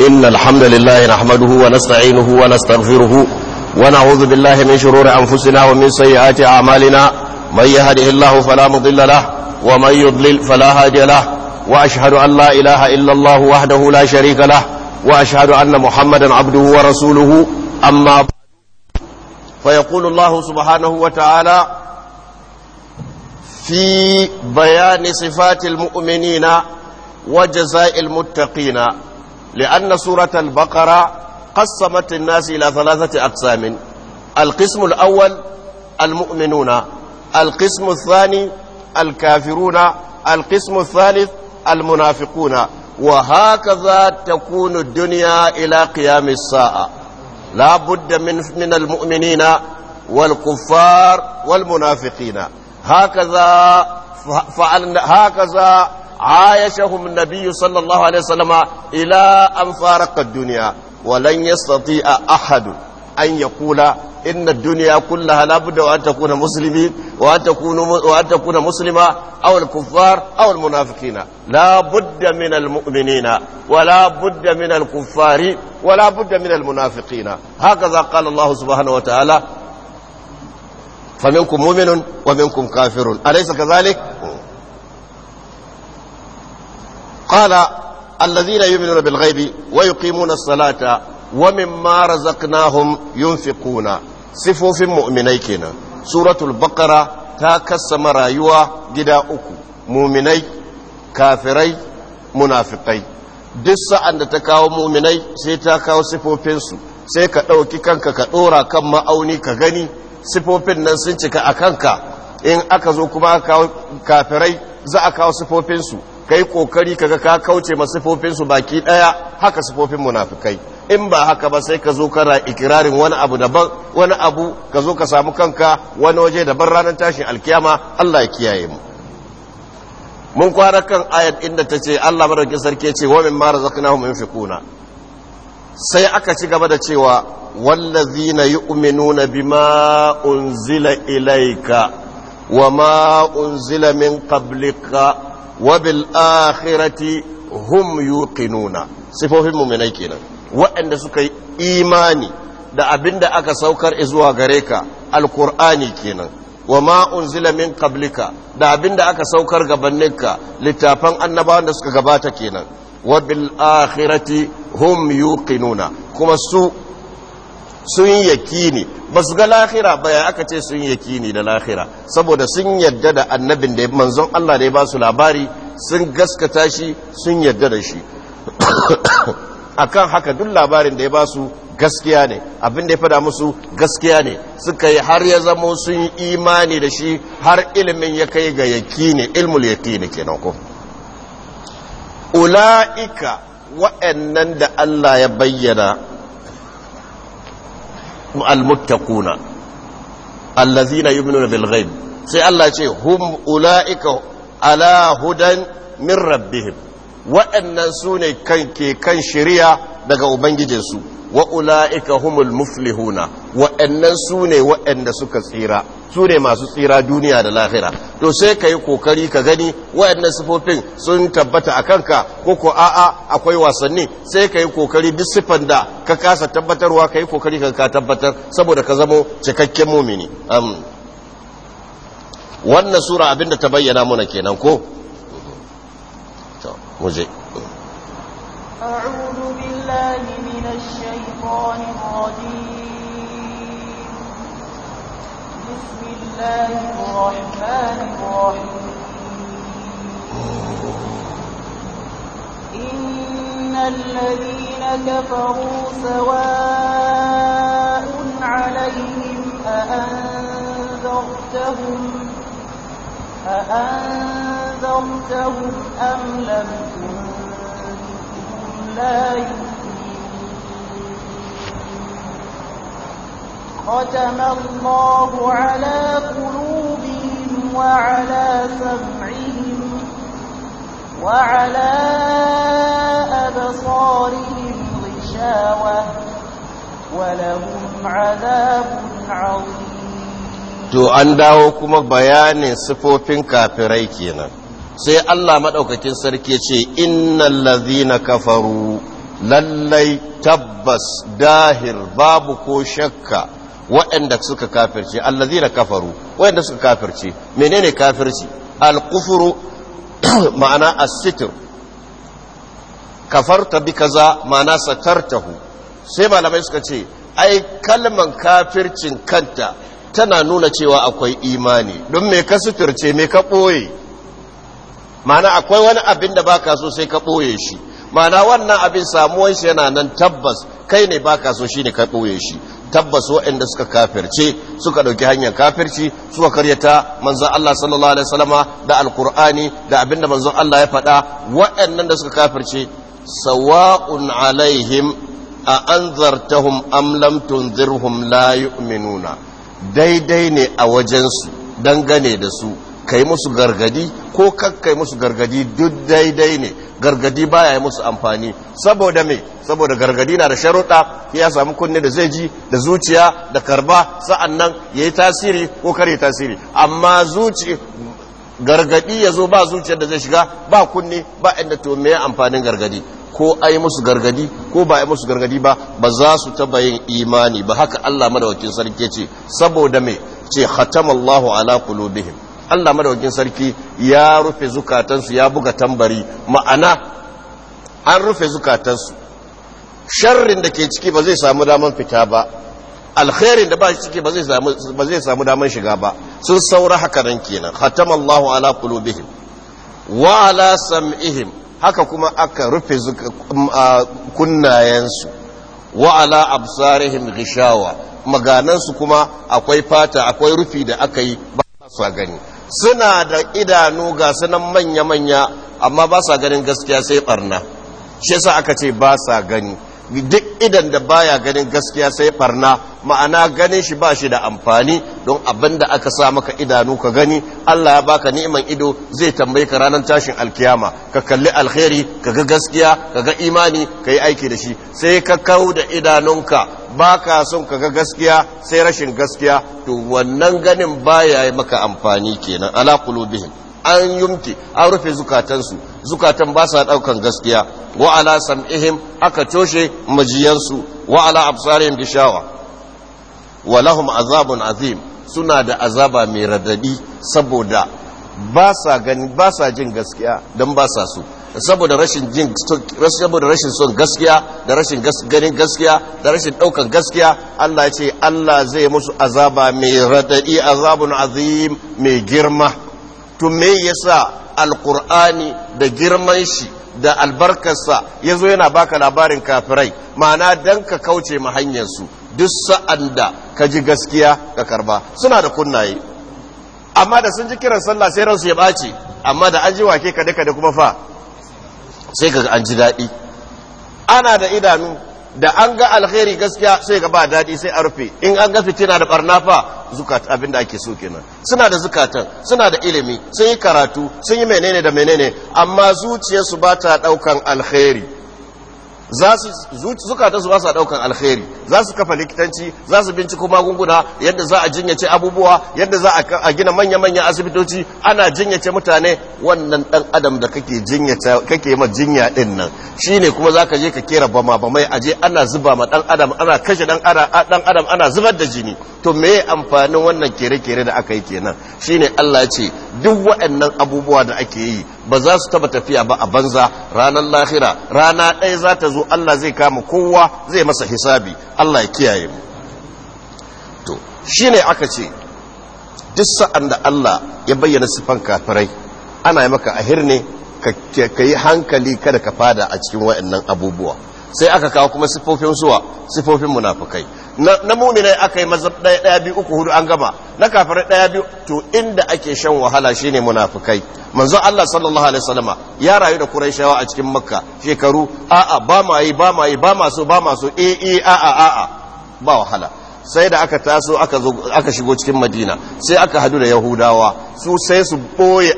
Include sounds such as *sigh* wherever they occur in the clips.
إن الحمد لله نحمده ونستعينه ونستغفره ونعوذ بالله من شرور أنفسنا ومن سيئات أعمالنا من يهده الله فلا مضل له ومن يضلل فلا هادي له وأشهد أن لا إله إلا الله وحده لا شريك له وأشهد أن محمدا عبده ورسوله أما فيقول الله سبحانه وتعالى في بيان صفات المؤمنين وجزاء المتقين لأن سورة البقرة قسمت الناس إلى ثلاثة أقسام القسم الأول المؤمنون القسم الثاني الكافرون القسم الثالث المنافقون وهكذا تكون الدنيا إلى قيام الساعة لا بد من, من المؤمنين والكفار والمنافقين هكذا فعلنا هكذا عايشهم النبي صلى الله عليه وسلم إلى أن فارق الدنيا ولن يستطيع أحد أن يقول إن الدنيا كلها لابد وأن تكون مسلمين وأن تكون وأن تكون مسلمة أو الكفار أو المنافقين لا بد من المؤمنين ولا بد من الكفار ولا بد من المنافقين هكذا قال الله سبحانه وتعالى فمنكم مؤمن ومنكم كافر أليس كذلك؟ قال الذين يؤمنون بالغيب ويقيمون الصلاة ومما رزقناهم ينفقون صفوف مؤمني كنا سورة البقرة تاكس مرايوا جدا أكو مؤمني كافري منافقي دس أن تكاو مؤمني سيتاكاو صفوفنسو sai ka ɗauki kanka ka ɗora kan ma'auni ka gani sifofin nan sun cika a kanka in aka zo kuma kafirai za a kawo sifofinsu kai kokari kaga ka kauce ma sifofinsu su baki daya haka sifofin munafikai in ba haka ba sai ka zo kana ikirarin wani abu daban wani abu ka zo ka samu kanka wani waje daban ranar tashin alkiyama Allah ya kiyaye mu mun kwara kan ayat inda ta ce Allah madaukakin sarki ce wa min mimma razaqnahum yunfiquna sai aka ci gaba da cewa wallazina yu'minuna bima unzila ilayka wa ma unzila min qablika wabil akhirati hum yuqinuna sifofin mu'minai kenan waɗanda suka yi imani da abinda aka saukar zuwa gare ka alqur'ani kenan wa ma unzila min qablika da abinda aka saukar gabaninka littafan annabawan da suka gabata kenan wa bil akhirati hum yuqinuna kuma su sun yakini ba su ga lahira ba ya aka ce sun yaki ne da lahira saboda sun yadda da annabin da manzon Allah da ya ba su labari sun gaskata shi sun yadda da shi *coughs* akan haka duk labarin da ya ba su gaskiya ne abin da ya fada musu gaskiya ne suka yi har ya zamo sun yi imani da shi har ilimin ya kai ga yakini ilmul yakini kenan ko ula'ika wa'annan da Allah ya bayyana almuttaquna allazina yu'minuna bil ghaib sai Allah ce hum ulaika ala hudan min rabbihim waɗannan su ne kan ke kan shari'a daga ubangijinsu wa'ula'ika humul muflihuna wa'annan su ne wa'anda suka tsira su ne masu tsira duniya da lahira to sai ka yi kokari ka gani wa'annan sifofin sun tabbata a ka ko ko a'a akwai wasanni sai ka yi kokari duk da ka kasa tabbatarwa ka yi kokari ka tabbatar saboda ka zamo cikakken mumini wannan sura abinda ta bayyana mana kenan ko muje أعوذ بالله من الشيطان الشيطان الرجيم بسم الله الرحمن الرحيم إن الذين كفروا سواء عليهم أأنذرتهم أأنذرتهم أم لم تنذرهم لا يؤمنون ختم الله على قلوبهم وعلى سمعهم وعلى أبصارهم غشاوة ولهم عذاب عظيم to an dawo kuma bayanin sifofin kafirai kenan sai Allah maɗaukakin sarki ce innal ladhina kafaru lallai tabbas dahir babu ko shakka waɗanda suka kafirce na kafaru waɗanda suka kafirce menene kafirci alkufuru *coughs* ma'ana as Kafar kafarta bi kaza ma'ana satartahu sai malamai suka ce ai kalman kafircin kanta tana nuna cewa akwai imani don me ka suturce me ka ɓoye ma'ana akwai wani abin da baka so sai ka ɓoye shi ma'ana wannan abin samuwan shi yana nan tabbas kai ne baka so ne ka ɓoye shi tabbas waɗanda suka kafirce suka ɗauki hanyar kafirci suka karyata manzon Allah sallallahu alaihi wasallama da alkur'ani da abinda manzon Allah ya faɗa waɗannan da suka kafirce sawa'un alaihim a anzartahum am lam tunzirhum la yu'minuna daidai ne a wajensu dangane da su kai musu gargadi ko kakkai musu gargadi duk daidai ne gargadi baya yi musu amfani saboda me saboda gargadi na da sharuɗa ya samu kunne da zai ji da zuciya da karba sa'an sa'annan yi tasiri ko kare tasiri amma zuci gargadi ya zo ba zuciyar da zai shiga ba kunne ba inda to mai amfanin gargadi ko a yi musu gargadi ko ba a yi musu gargadi ba ba za su taba yin imani ba haka Allah madawakin sarki ce saboda mai ce hatamallahu ala kulubihim Allah madaukin sarki ya rufe zukatansu ya buga tambari ma'ana an rufe zukatansu sharrin da ke ciki ba zai samu daman fita ba alkhairin da ba ciki ba zai samu daman shiga ba sun saura haka nan kenan khatamallahu ala qulubihim wa ala sam'ihim haka kuma aka rufe um, kunnayensu wa ala absarihim ghishawa maganansu kuma akwai fata akwai rufi da aka yi ba su gani suna da idanu ga sunan manya-manya amma ba sa ganin gaskiya sai barna shi sa aka ce ba sa gani duk idan da baya ganin gaskiya sai farna ma'ana ganin shi ba shi da amfani don abin da aka sa maka idanu ka gani Allah ya baka ni'iman ido zai tambaye ka ranar tashin alkiyama ka kalli alkhairi ka ga gaskiya ka ga imani ka yi aiki da shi sai ka kau da idanunka ba ka son ka ga gaskiya sai rashin gaskiya to wannan ganin baya maka amfani kenan ala qulubihim an yumti an rufe zukatansu zukatan ba sa daukan gaskiya wa ala sam'ihim aka toshe majiyansu wa ala absarihim gishawa wa lahum azabun azim suna da azaba mai radadi saboda ba sa gani ba sa jin gaskiya don ba sa so saboda rashin jin saboda rashin son gaskiya da rashin ganin gaskiya da rashin daukan gaskiya Allah ce Allah zai musu azaba mai radadi azabun azim mai girma to me yasa alkur'ani da girman shi da albarkarsa ya zo yana baka labarin kafirai ma'ana dan ka kauce ma su duk sa'an da ka ji gaskiya ka karba suna da kunnaye amma da sun ji kiran sallah sai ransu ya ɓace amma da an ji wake kade kade kuma fa sai ka an ji daɗi ana da idanu da an ga alheri gaskiya sai ga ba daɗi sai a rufe in an ga fitina da barna fa zukat abin da ake so kenan suna da zukatan suna da ilimi sun yi karatu sun yi menene da menene amma zuciyarsu ba ta ɗaukan alheri. za su zukata su ba su daukan alkhairi za su kafa likitanci za su binciko magunguna yadda za a jinyace abubuwa yadda za a gina manya-manyan asibitoci ana jinyace mutane wannan dan adam da kake jinyace kake ma jinya din nan shine kuma zaka je ka kera bama bamai aje ana zuba ma dan adam ana kashe dan dan adam ana zubar da jini to me amfanin wannan kere-kere da aka yi kenan shine Allah ya ce duk waɗannan abubuwa da ake yi ba za su taba tafiya ba a banza ranar lahira rana ɗaya za ta zo Allah zai kama kowa zai masa hisabi Allah ya kiyaye mu to shine aka ce duk sa'an da Allah ya bayyana sifan kafirai ana yi maka ahir ne ka yi hankali kada ka fada a cikin waɗannan abubuwa sai aka kawo kuma sifofin suwa siffofin munafukai na muminai aka yi mazab ɗaya ɗaya biyu uku hudu an gama na kafar ɗaya biyu to inda ake shan wahala shine munafukai manzo Allah sallallahu alaihi wasallama ya rayu da Quraishawa a cikin Makka shekaru a'a ba ma yi ba ma yi ba ma ba ma so eh eh a'a a'a ba wahala sai da aka taso aka shigo cikin madina sai aka hadu da yahudawa su sai su boye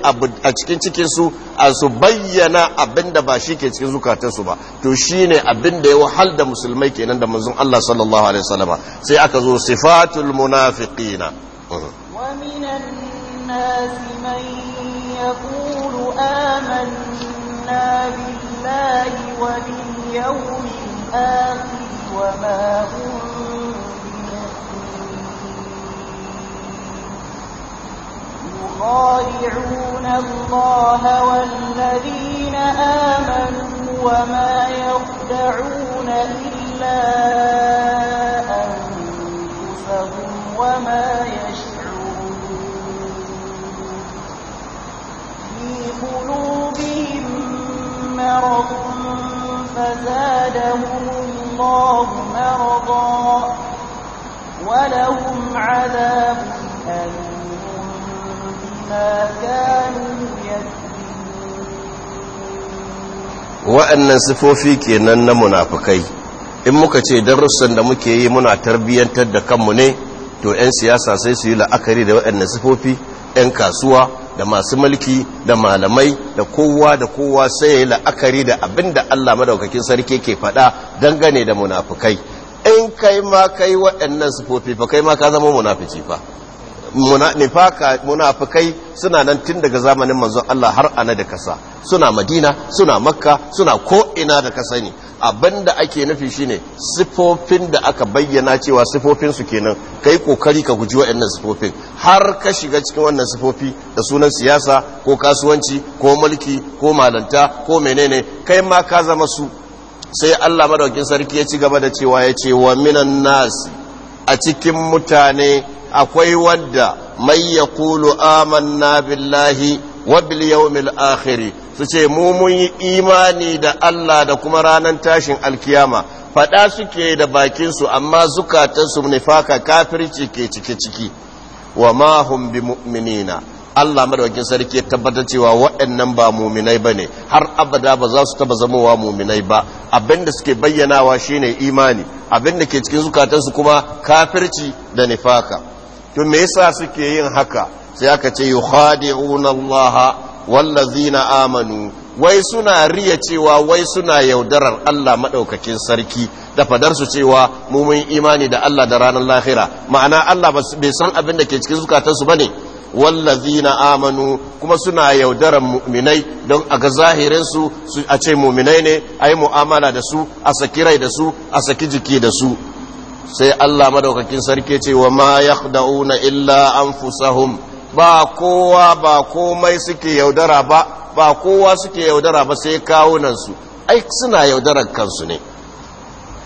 a cikin cikinsu a su bayyana abin da ba shi ke cikin zukatansu ba to shi ne abin da ya wahal da musulmai kenan da manzon Allah sallallahu alaihi wasallama sai aka zo sifatul munafiqina mhm. ومن الناس يخادعون الله والذين آمنوا وما يخدعون إلا أنفسهم وما يشعرون في قلوبهم مرض فزادهم الله مرضا ولهم عذاب أليم wa'annan sifofi kenan na munafukai in muka ce darussan da muke yi muna tarbiyyantar da kanmu ne to 'yan siyasa sai su yi la'akari da wa'annan sifofi 'yan kasuwa da masu mulki da malamai da kowa da kowa sai ya yi la'akari da abin da allah madaukakin sarki ke faɗa dangane da munafukai in kai ma kai wa'annan sifofi fa kai ma ka zama munafici fa nifaka munafikai suna nan tun daga zamanin manzon Allah har ana da kasa suna madina suna makka suna ko ina da kasa ne abinda ake nufi shine sifofin da aka bayyana cewa sifofin su kenan kai kokari ka guji waɗannan sifofin har ka shiga cikin wannan sifofi da sunan siyasa ko kasuwanci ko mulki ko malanta ko menene kai ma ka zama su sai Allah madaukin sarki ya ci gaba da cewa ya ce wa minan nas a cikin mutane akwai wadda mai ya kulu amanna billahi wa bil yawmil akhir su ce mu mun yi imani da Allah da kuma ranar tashin alkiyama fada suke da bakin su amma su nifaka kafirci ke cike ciki wa ma hum bi mu'minina Allah madawakin sarki ya tabbatar cewa waɗannan ba muminai ba ne har abada ba za su taba zamowa muminai ba abinda suke bayyanawa shine imani abinda ke cikin zukatansu kuma kafirci da nifaka to me yasa suke yin haka sai aka ce yukhadi'una Allah wallazina amanu wai suna riya cewa wai suna yaudarar Allah madaukakin sarki da fadar su cewa mu mun imani da Allah da ranar lahira ma'ana Allah bai san abin da ke cikin su bane wallazina amanu kuma suna yaudarar mu'minai don a ga su a ce mu'minai ne a mu'amala da su a saki rai da su a saki jiki da su sai Allah madaukakin sarki ce wa ma yakhda'una illa anfusahum ba kowa ba komai suke yaudara ba ba kowa suke yaudara ba sai kawunansu ai suna yaudarar kansu ne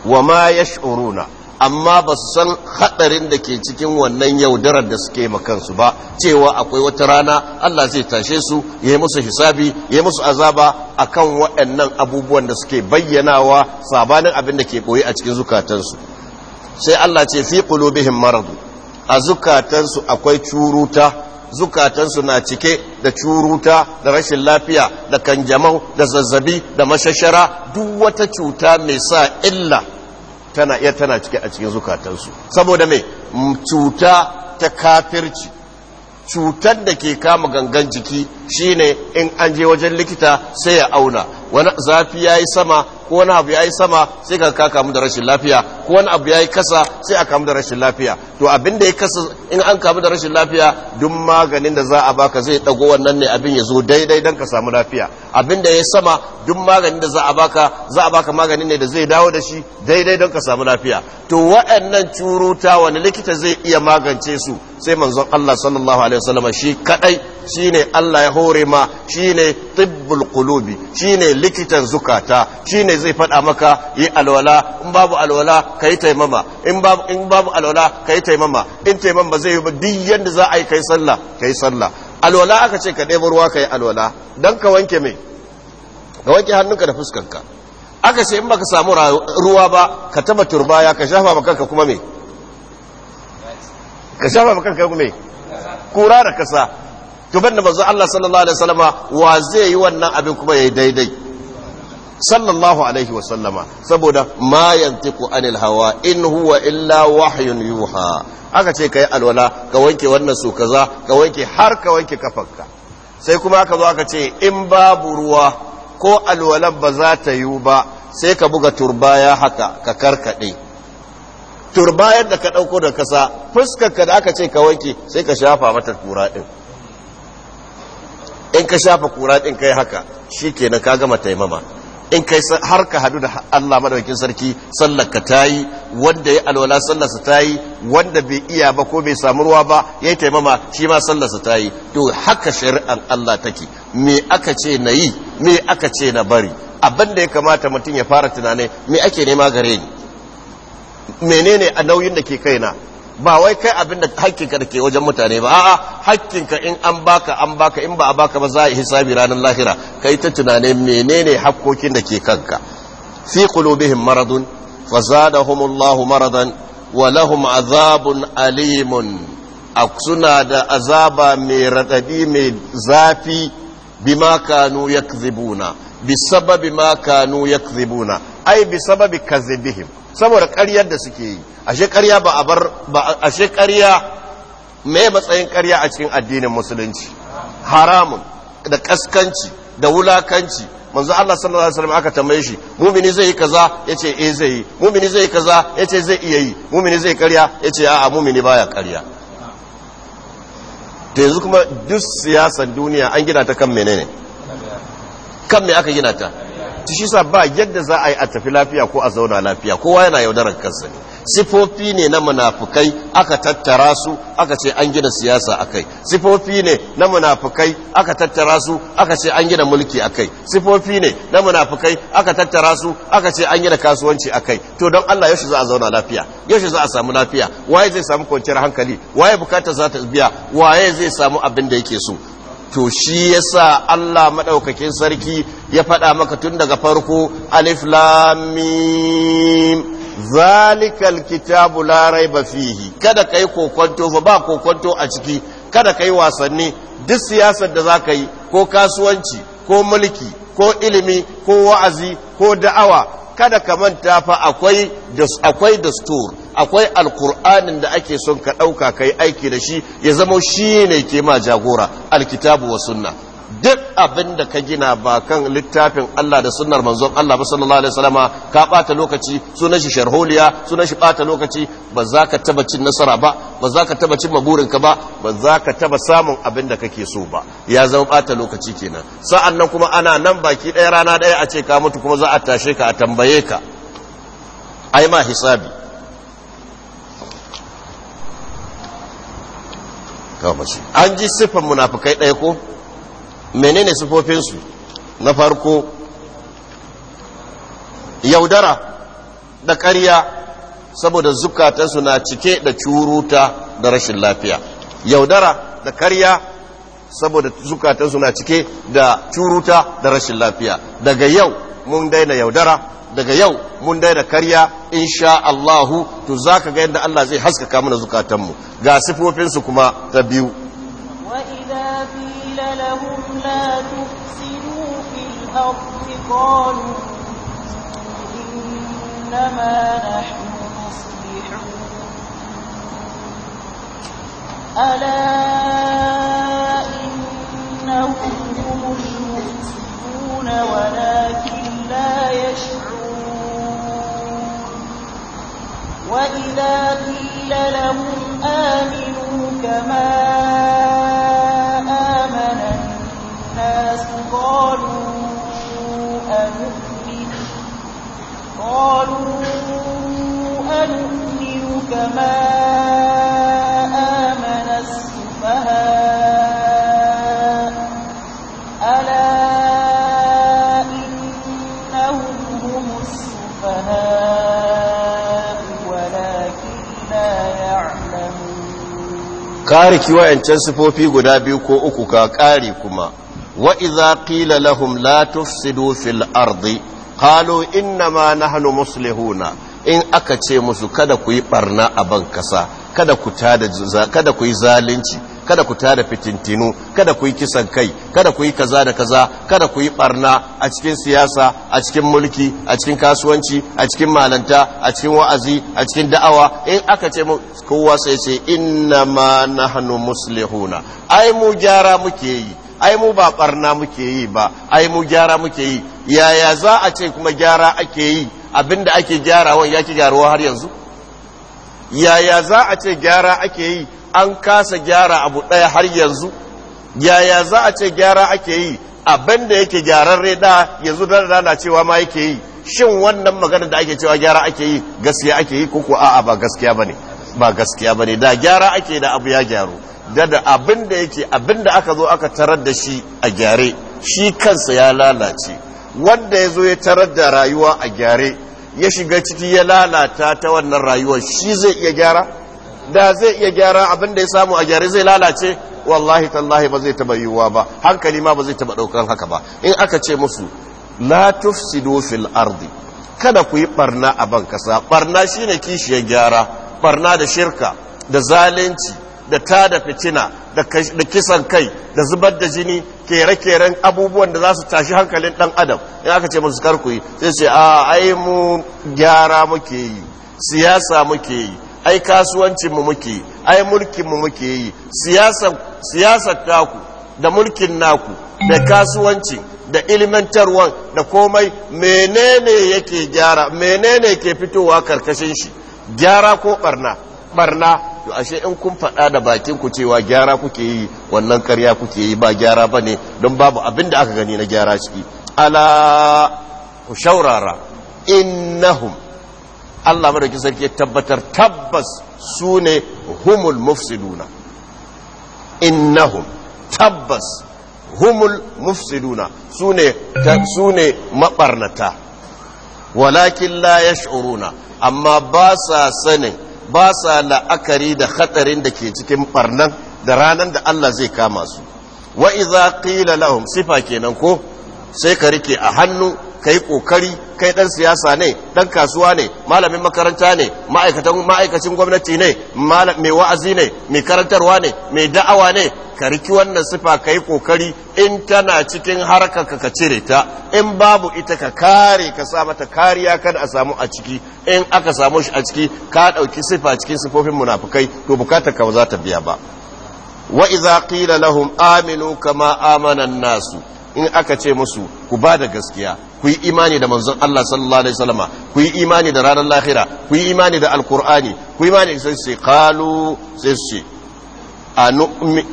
wa ma yash'uruna amma ba su san hadarin da ke cikin wannan yaudarar da suke makansu ba cewa akwai wata rana Allah zai tashe su ya musu hisabi ya yi musu azaba akan waɗannan abubuwan da suke bayyanawa sabanin abin da ke ɓoye a cikin zukatansu sai Allah ce fi qulubihim maradu a zukatansu akwai curuta zukatansu na cike da curuta da rashin lafiya da kanjamau da zazzabi da mashashara duk wata cuta mai sa illa tana iya tana cike a cikin zukatansu saboda mai cuta ta kafirci cutar da ke kama gangan jiki shine in an je wajen likita sai ya auna wani zafi ya yi sama ko wani abu ya yi sama sai ka ka kamu da rashin lafiya ko wani abu ya yi kasa sai a kamu da rashin lafiya to abin da ya kasa in an kamu da rashin lafiya duk maganin da za a baka zai dago wannan ne abin ya zo daidai don ka samu lafiya abin da ya yi sama duk maganin da za a baka za a baka maganin ne da zai dawo da shi daidai don ka samu lafiya to waɗannan curuta wani likita zai iya magance su sai manzon Allah sallallahu alaihi wasallam shi kadai shine Allah ya hore ma shine tibbul qulubi shine likitan zukata shine zai faɗa maka yi alwala in babu alwala ka yi taimama in babu in babu alwala ka yi taimama in taimama zai yi ba duk yanda za a yi kai sallah kai sallah alwala aka ce ka ɗebo ruwa ka yi alwala dan ka wanke mai ka wanke hannunka da fuskanka aka ce in baka samu ruwa ba ka taba turbaya ka shafa makanka kuma me ka shafa makanka kuma me kura da kasa tuban da manzo Allah sallallahu alaihi wasallama wa zai yi wannan abin kuma yayi daidai sallallahu alaihi wasallama saboda ma yantiku anil hawa in huwa illa wahyun yuha aka ce kai alwala ka wanke wannan su kaza ka wanke har ka wanke kafanka sai kuma aka zo aka ce in babu ruwa ko alwalan ba za ta yiwu ba sai ka buga turbaya haka ka karkade turbayar da ka dauko da kasa ka da aka ce ka wanke sai ka shafa mata kura din in ka shafa kura din kai haka shi kenan ka gama taimama in kai har ka hadu da Allah madaukakin sarki sallar ka tayi wanda ya alwala sallar sa tayi wanda bai iya ba ko bai samu ruwa ba yi taimama shi ma sallar sa tayi to haka shari'ar Allah take me aka ce na yi me aka ce na bari abin da ya kamata mutum ya fara tunani me ake nema gare ni menene a nauyin da ke kaina ba wai kai abin da hakkinka da ke wajen mutane ba a'a hakkinka in an baka an baka in ba a baka ba za a yi hisabi ranar lahira kai ta tunane menene hakkokin da ke kanka fi qulubihim maradun fazadahumullahu maradan wa lahum azabun alimun suna da azaba mai radadi mai zafi bima kanu yakzibuna bisababi ma kanu yakzibuna ai bi sababi kazibihim saboda ƙaryar da suke yi ashe ƙarya ba a bar ashe ƙarya me matsayin ƙarya a cikin addinin musulunci haramun da kaskanci da wulakanci manzo Allah sallallahu alaihi wasallam aka tambaye shi mumini zai yi kaza yace eh zai yi mumini zai yi kaza yace zai iya yi mumini zai karya yace a'a mumini baya karya to yanzu kuma duk siyasar duniya an gina ta kan menene kan me aka gina ta ta shi sa ba yadda za a yi a tafi lafiya ko a zauna lafiya kowa yana yaudarar kansa ne sifofi ne na munafukai aka tattara su aka ce an gina siyasa a kai sifofi ne na munafukai aka tattara su aka ce an gina mulki a kai sifofi ne na munafukai aka tattara su aka ce an gina kasuwanci a kai to don Allah yaushe za a zauna lafiya yaushe za a samu lafiya waye zai samu kwanciyar hankali waye bukatar za ta biya waye zai samu abin da yake so to shi ya sa Allah maɗaukakin sarki ya faɗa maka tun daga farko alif lamim zalikal kitabu larai ba fihi kada kai kokonto ba ba kokonto a ciki kada kai wasanni duk siyasar da za ka yi ko kasuwanci ko mulki ko ilimi ko wa'azi ko da'awa kada ka manta fa akwai dastur akwai alkur'anin da ake son ka ɗauka ka yi aiki da shi ya zama shi ne ke ma jagora alkitabu wa sunna duk abin da ka gina ba kan littafin Allah da sunnar manzon Allah ba sallallahu alaihi wasallama ka bata lokaci sunan shi sharholiya sunan shi bata lokaci ba za ka taba cin nasara ba ba za ka taba cin ka ba ba za ka taba samun abin da kake so ba ya zama bata lokaci kenan sa'an nan kuma ana nan baki ɗaya rana ɗaya a ce ka mutu kuma za a tashe ka a tambaye ka ai ma hisabi an ji siffan munafukai ɗaya ko menene siffofinsu na farko yaudara da ƙarya saboda zukatansu na cike da curuta da rashin lafiya yaudara da ƙarya saboda zukatansu na cike da curuta da rashin lafiya daga yau mun daina yaudara daga yau mun daina karya insha Allahu to zaka ga yadda Allah zai haskaka mana zukatanmu ga sifofin su kuma ta biyu wa idza qila lahum la tufsidu fil ardi qalu innama nahnu ألا إنهم هم المفسدون ولكن لا يشعرون وإذا قيل لهم آمنوا كما آمن الناس قالوا أنؤمن قالوا أنؤمن كما آمن bariki wa'ancan sifofi guda biyu ko uku ka kare kuma wa ƙila qila lahum la tufsidu fil ardi qalu inna ma nahnu muslihuna in aka ce musu kada ku yi a ban kasa kada kuyi kada ku yi zalunci kada ku tada fitintinu kada ku yi kisan kai kada ku yi kaza da kaza kada ku yi barna a cikin siyasa a cikin mulki a cikin kasuwanci a cikin malanta a cikin wa'azi a cikin da'awa in aka ce mu kowa sai ce inna ma nahnu muslihuna ai mu gyara muke yi ai mu ba barna muke yi ba ai mu gyara muke yi yaya za a ce kuma gyara ake yi abinda ake gyarawa ya ki gyaruwa har yanzu yaya za a ce gyara ake yi an kasa gyara abu ɗaya har yanzu yaya za a ce gyara ake yi abin da yake gyaran reda yanzu da cewa ma yake yi shin wannan maganar da ake cewa gyara ake yi gaskiya ake yi koko a'a ba gaskiya bane ba gaskiya bane da gyara ake da abu ya gyaru da da abin da yake abin aka zo aka tarar da shi a gyare shi kansa ya lalace wanda ya zo ya tarar da rayuwa a gyare ya shiga ciki ya lalata ta wannan rayuwar shi zai iya gyara da zai iya gyara abin da ya samu a gyare zai lalace wallahi tallahi ba zai taba yiwuwa ba hankali ma ba zai taba daukan haka ba in aka ce musu la tufsidu fil ardi kada ku yi barna a ban kasa barna shine kishiyar gyara barna da shirka da zalunci da tada fitina da kisan kai da zubar da jini kere-keren abubuwan da za su tashi hankalin dan adam in aka ce musu karku yi sai ce a ai mu gyara muke yi siyasa muke yi ai kasuwancin mu muke ai mulkin mu muke yi siyasar taku da mulkin naku da kasuwanci da ilmantarwan da komai menene yake gyara menene ke fitowa karkashin shi gyara ko barna barna to ashe in kun faɗa da bakin ku cewa gyara kuke yi wannan karya kuke yi ba gyara ba ne don babu abin da aka gani na gyara ciki ala ku shaurara innahum Allah madaukin sarki tabbatar tabbas su ne humul mufsiduna innahum tabbas humul mufsiduna su ne su ne mabarnata walakin la yash'uruna amma ba sa sanin ba sa la'akari da khatarin da ke cikin barnan da ranan da Allah zai kama su wa idza qila lahum sifa kenan ko sai ka rike a hannu kai kokari kai ɗan siyasa ne dan kasuwa ne malamin makaranta ne ma'aikacin gwamnati ne mai wa'azi ne mai karantarwa ne mai da'awa ne ka riki wannan sifa kai kokari in tana cikin harkar ka cire ta in babu ita ka kare ka sa mata kariya kada a samu a ciki in aka samu shi a ciki ka ɗauki sifa cikin sifofin munafukai to bukatar ka za ta biya ba wa idza qila lahum aminu kama amana nasu in aka ce musu ku ba da gaskiya ku yi imani da manzon Allah sallallahu alaihi wasallama ku yi imani da ranar lahira ku yi imani da alkur'ani ku yi imani sai su qalu sai su anu'mi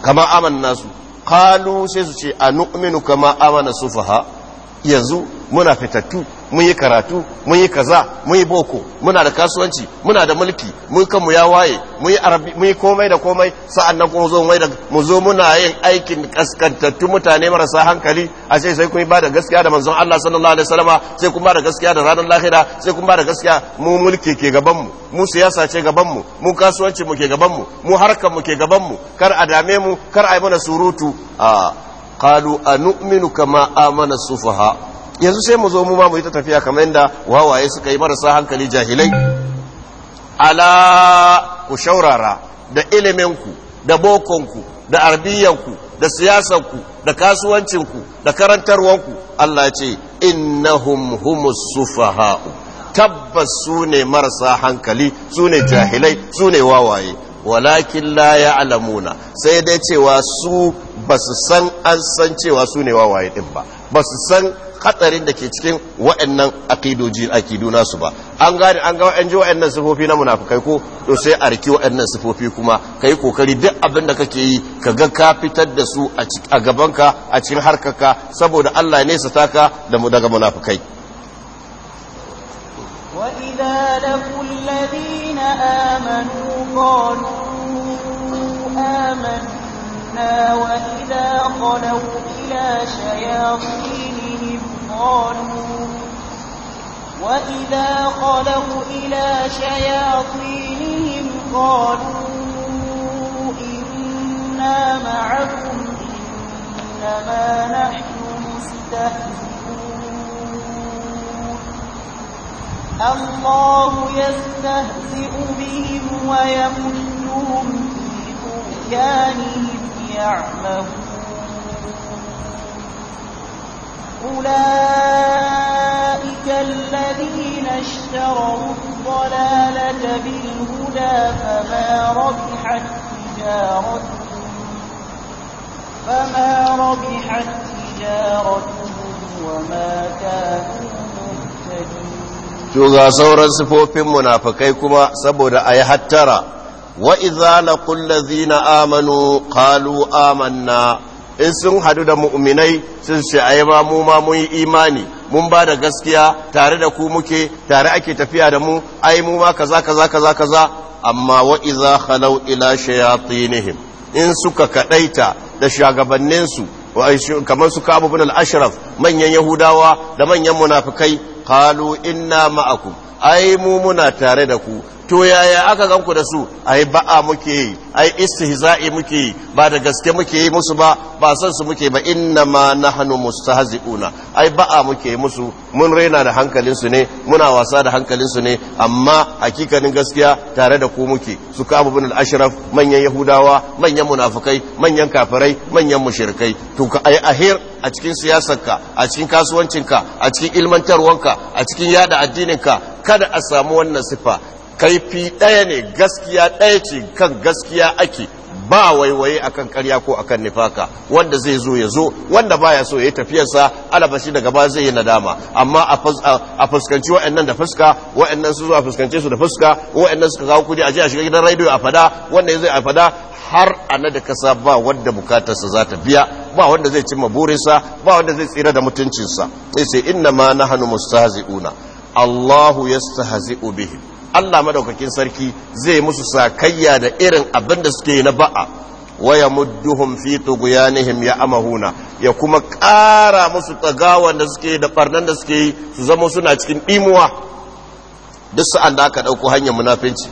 kama amanna su qalu sai su ce anu'minu kama amana sufaha yanzu muna fitattu mun yi karatu mun yi kaza mun yi boko muna da kasuwanci muna da mulki mun kanmu ya waye mun yi arabi mun yi komai da komai nan kuma zo mai da mu zo muna yin aikin kaskantattu mutane marasa hankali a sai sai kun ba da gaskiya da manzon Allah sallallahu alaihi wasallama sai kun ba da gaskiya da ranar lahira sai kun ba da gaskiya mu mulki ke gaban mu mu siyasa ce gaban mu mu kasuwanci mu ke gaban mu mu harkar mu ke gaban mu kar a dame mu kar a yi mana surutu a qalu anu'minu kama amana sufaha yanzu sai mu zo mu ma mu yi ta tafiya kamar yadda wawaye suka yi marasa hankali jahilai ala ku shaurara da iliminku da bokonku da ku da siyasanku da kasuwancinku da karantarwanku Allah ce innahum humus sufaha'u tabbas su ne marasa hankali su ne jahilai su ne wawaye walakin la ya'lamuna sai dai cewa su basu san an san cewa su ne wawaye din ba basu san hatsarin da ke cikin waɗannan akidoji akidu nasu ba an gane an ga ji waɗannan sufofi na munafukai ko to sai a riki waɗannan sifofi kuma kai kokari duk abin da kake yi ka ga ka fitar da su a gabanka a cikin harkarka saboda Allah ne sa taka da mu daga munafukai وإذا لقوا na آمنا وإذا خلوا إلى شياطين قالوا وإذا خلوا إلى شياطينهم قالوا إنا معكم إنما نحن مستهزئون الله يستهزئ بهم ويمدهم في طغيانهم يعمهون أولئك الذين اشتروا الضلالة بالهدى فما ربحت تجارتهم فما ربحت تجارتهم وما كانوا مهتدين to ga sauran sifofin munafikai kuma saboda ayi hattara wa idza laqul ladzina amanu qalu amanna in sun hadu da mu'minai sun ce a ba mu ma mun yi imani mun ba da gaskiya tare da ku muke tare ake tafiya da mu ai mu ma kaza kaza kaza kaza amma wa iza khalau ila shayatinihim in suka kadaita da shagabanninsu kamar su kabu bin al-Ashraf manyan Yahudawa da manyan munafikai qalu inna ma'akum ai mu muna tare da ku to yaya aka ku da su ai ba'a muke yi ai istihza'i muke yi ba da gaske muke yi musu ba ba san su muke ba inna ma nahnu mustahzi'una ai ba'a muke yi musu mun raina da hankalin su ne muna wasa da hankalin su ne amma hakikanin gaskiya tare da ku muke su Ka'ab ibn al-Ashraf manyan Yahudawa manyan munafikai manyan kafirai manyan mushrikai to ka ai ahir a cikin ka a cikin kasuwancinka a cikin ilmantarwanka a cikin yada ka kada a samu wannan sifa kaifi ɗaya ne gaskiya ɗaya ce kan gaskiya ake ba waiwaye akan karya ko akan nifaka wanda zai zo ya zo wanda baya so ya tafiyarsa alabashi daga ba zai yi nadama amma a fuskanci wa'annan da fuska wa'annan su zo a fuskance su da fuska wa'annan suka kawo kudi a je a shiga gidan radio a fada wanda ya zai a fada har a da kasa ba wanda bukatarsa za ta biya ba wanda zai cimma burinsa ba wanda zai tsira da mutuncinsa sai sai inna ma nahnu mustahzi'una Allahu yastahzi'u bihim Allah madaukakin sarki zai musu sakayya da irin abin da suke na ba'a waya mudduhum fi tughyanihim ya amahuna ya kuma ƙara musu tsagawan da suke da barnan da suke yi su zama suna cikin dimuwa duk sa'an da aka dauko hanyar munafinci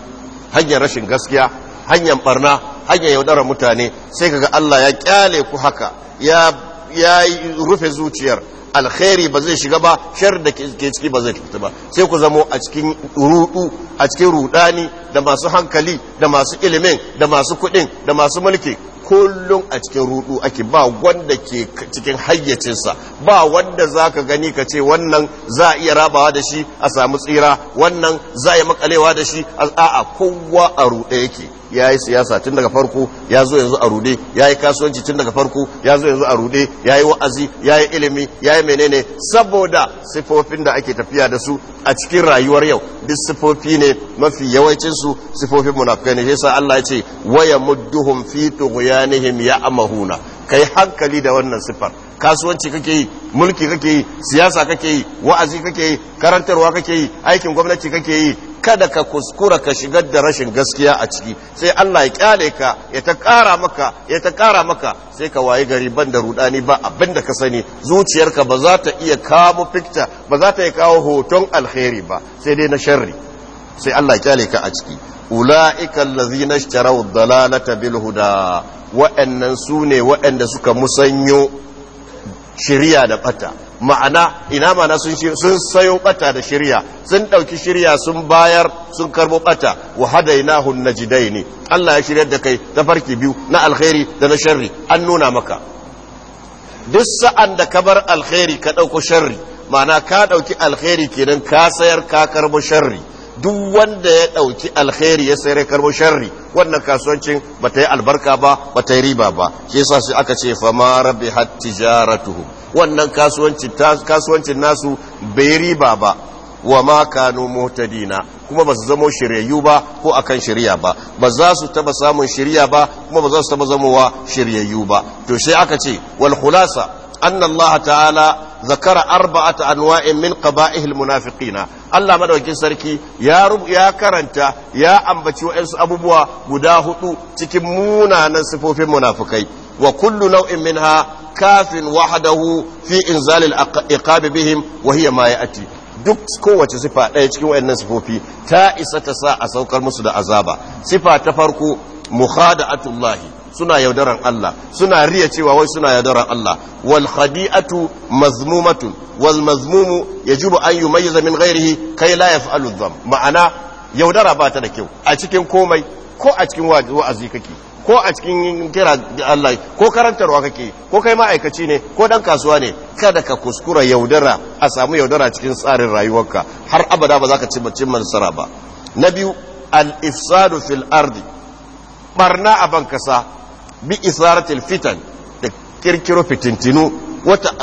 hanyar rashin gaskiya hanyar barna hanyar yaudarar mutane sai kaga Allah ya kyale ku haka ya ya rufe zuciyar alkhairi ba zai shiga ba shar da ke ciki ba zai fita ba sai ku zamo a cikin rudu a cikin rudani da masu hankali da masu ilimin da masu kudin da masu mulki kullum a cikin rudu ake ba wanda ke cikin hayyacinsa ba wanda za ka gani ka ce wannan za a iya rabawa da shi a samu tsira wannan za a yi makalewa da shi a kowa a rude yake ya yi siyasa tun daga farko ya zo yanzu a rude ya yi kasuwanci tun daga farko ya zo yanzu a rude ya yi wa'azi ya yi ilimi ya yi menene saboda sifofin da ake tafiya da su a cikin rayuwar yau duk sifofi ne mafi yawancinsu sifofin munafukai ne yasa Allah ya ce waya mudduhum fi tughyanihim amahuna kai hankali da wannan sifar kasuwanci kake yi mulki kake yi siyasa kake yi wa'azi kake yi karantarwa kake yi aikin gwamnati kake yi kada ka kuskura ka shigar da rashin gaskiya a ciki sai Allah ya kyale ka ya ta kara maka ya ta kara maka sai ka wayi gari ban da rudani ba abin ka sani zuciyarka ba za ta iya kawo fikta ba za ta iya kawo hoton alheri ba sai dai na sharri sai Allah ya kyale ka a ciki ula'ika allazina ishtaraw dalalata bil huda wa'annan sune wa'anda suka musanyo shirya da bata ma'ana ina ma sun sun sayo bata da shirya sun dauki shirya sun bayar sun karbo bata wa hadainahu najdaini Allah ya shiryar da kai ta farki biyu na alkhairi da na sharri an nuna maka duk sa'an da ka bar alkhairi ka dauko sharri ma'ana ka dauki alkhairi kenan ka sayar ka karbo sharri duk wanda ya ɗauki alkhairi ya sayar karbo sharri wannan kasuwancin ba ta yi albarka ba ba ta yi riba ba shi yasa sai aka ce fa fama rabi tijaratuhu wannan kasuwancin nasu bai riba ba wa ma kanu muhtadina kuma ba su zamo shiryayyu ba ko akan shirya ba ba za su taba samun shirya ba kuma ba za su taba zamowa shiryayyu ba to sai aka ce wal khulasa أن الله تعالى ذكر أربعة أنواع من قبائح المنافقين الله مدوكي سركي يا رب يا كرنتا يا أنبتي وإنس أبوبوا قداهتو تكمونا ننصفو في منافقين وكل نوع منها كاف وحده في إنزال العقاب بهم وهي ما يأتي duk kowace sifa ɗaya cikin wayannan sifofi ta isa ta sa a saukar musu da azaba sifa ta farko muhada'atullahi suna yaudaran Allah suna riya cewa wai suna yaudaran Allah wal khadi'atu mazmumatun wal mazmumu yajibu an yumayyiza min ghairihi kai la yaf'alu dham ma'ana yaudara ba ta da kyau a cikin komai ko a cikin wa'azi kake ko a cikin kira Allah ko karantarwa kake ko kai ma'aikaci ne ko dan kasuwa ne kada ka kuskura yaudara a samu yaudara cikin tsarin rayuwarka har abada ba za ka cimma cimma nasara ba na biyu al-ifsadu fil ardi barna a ban bi isaratil fitan da kirkiro fitintinu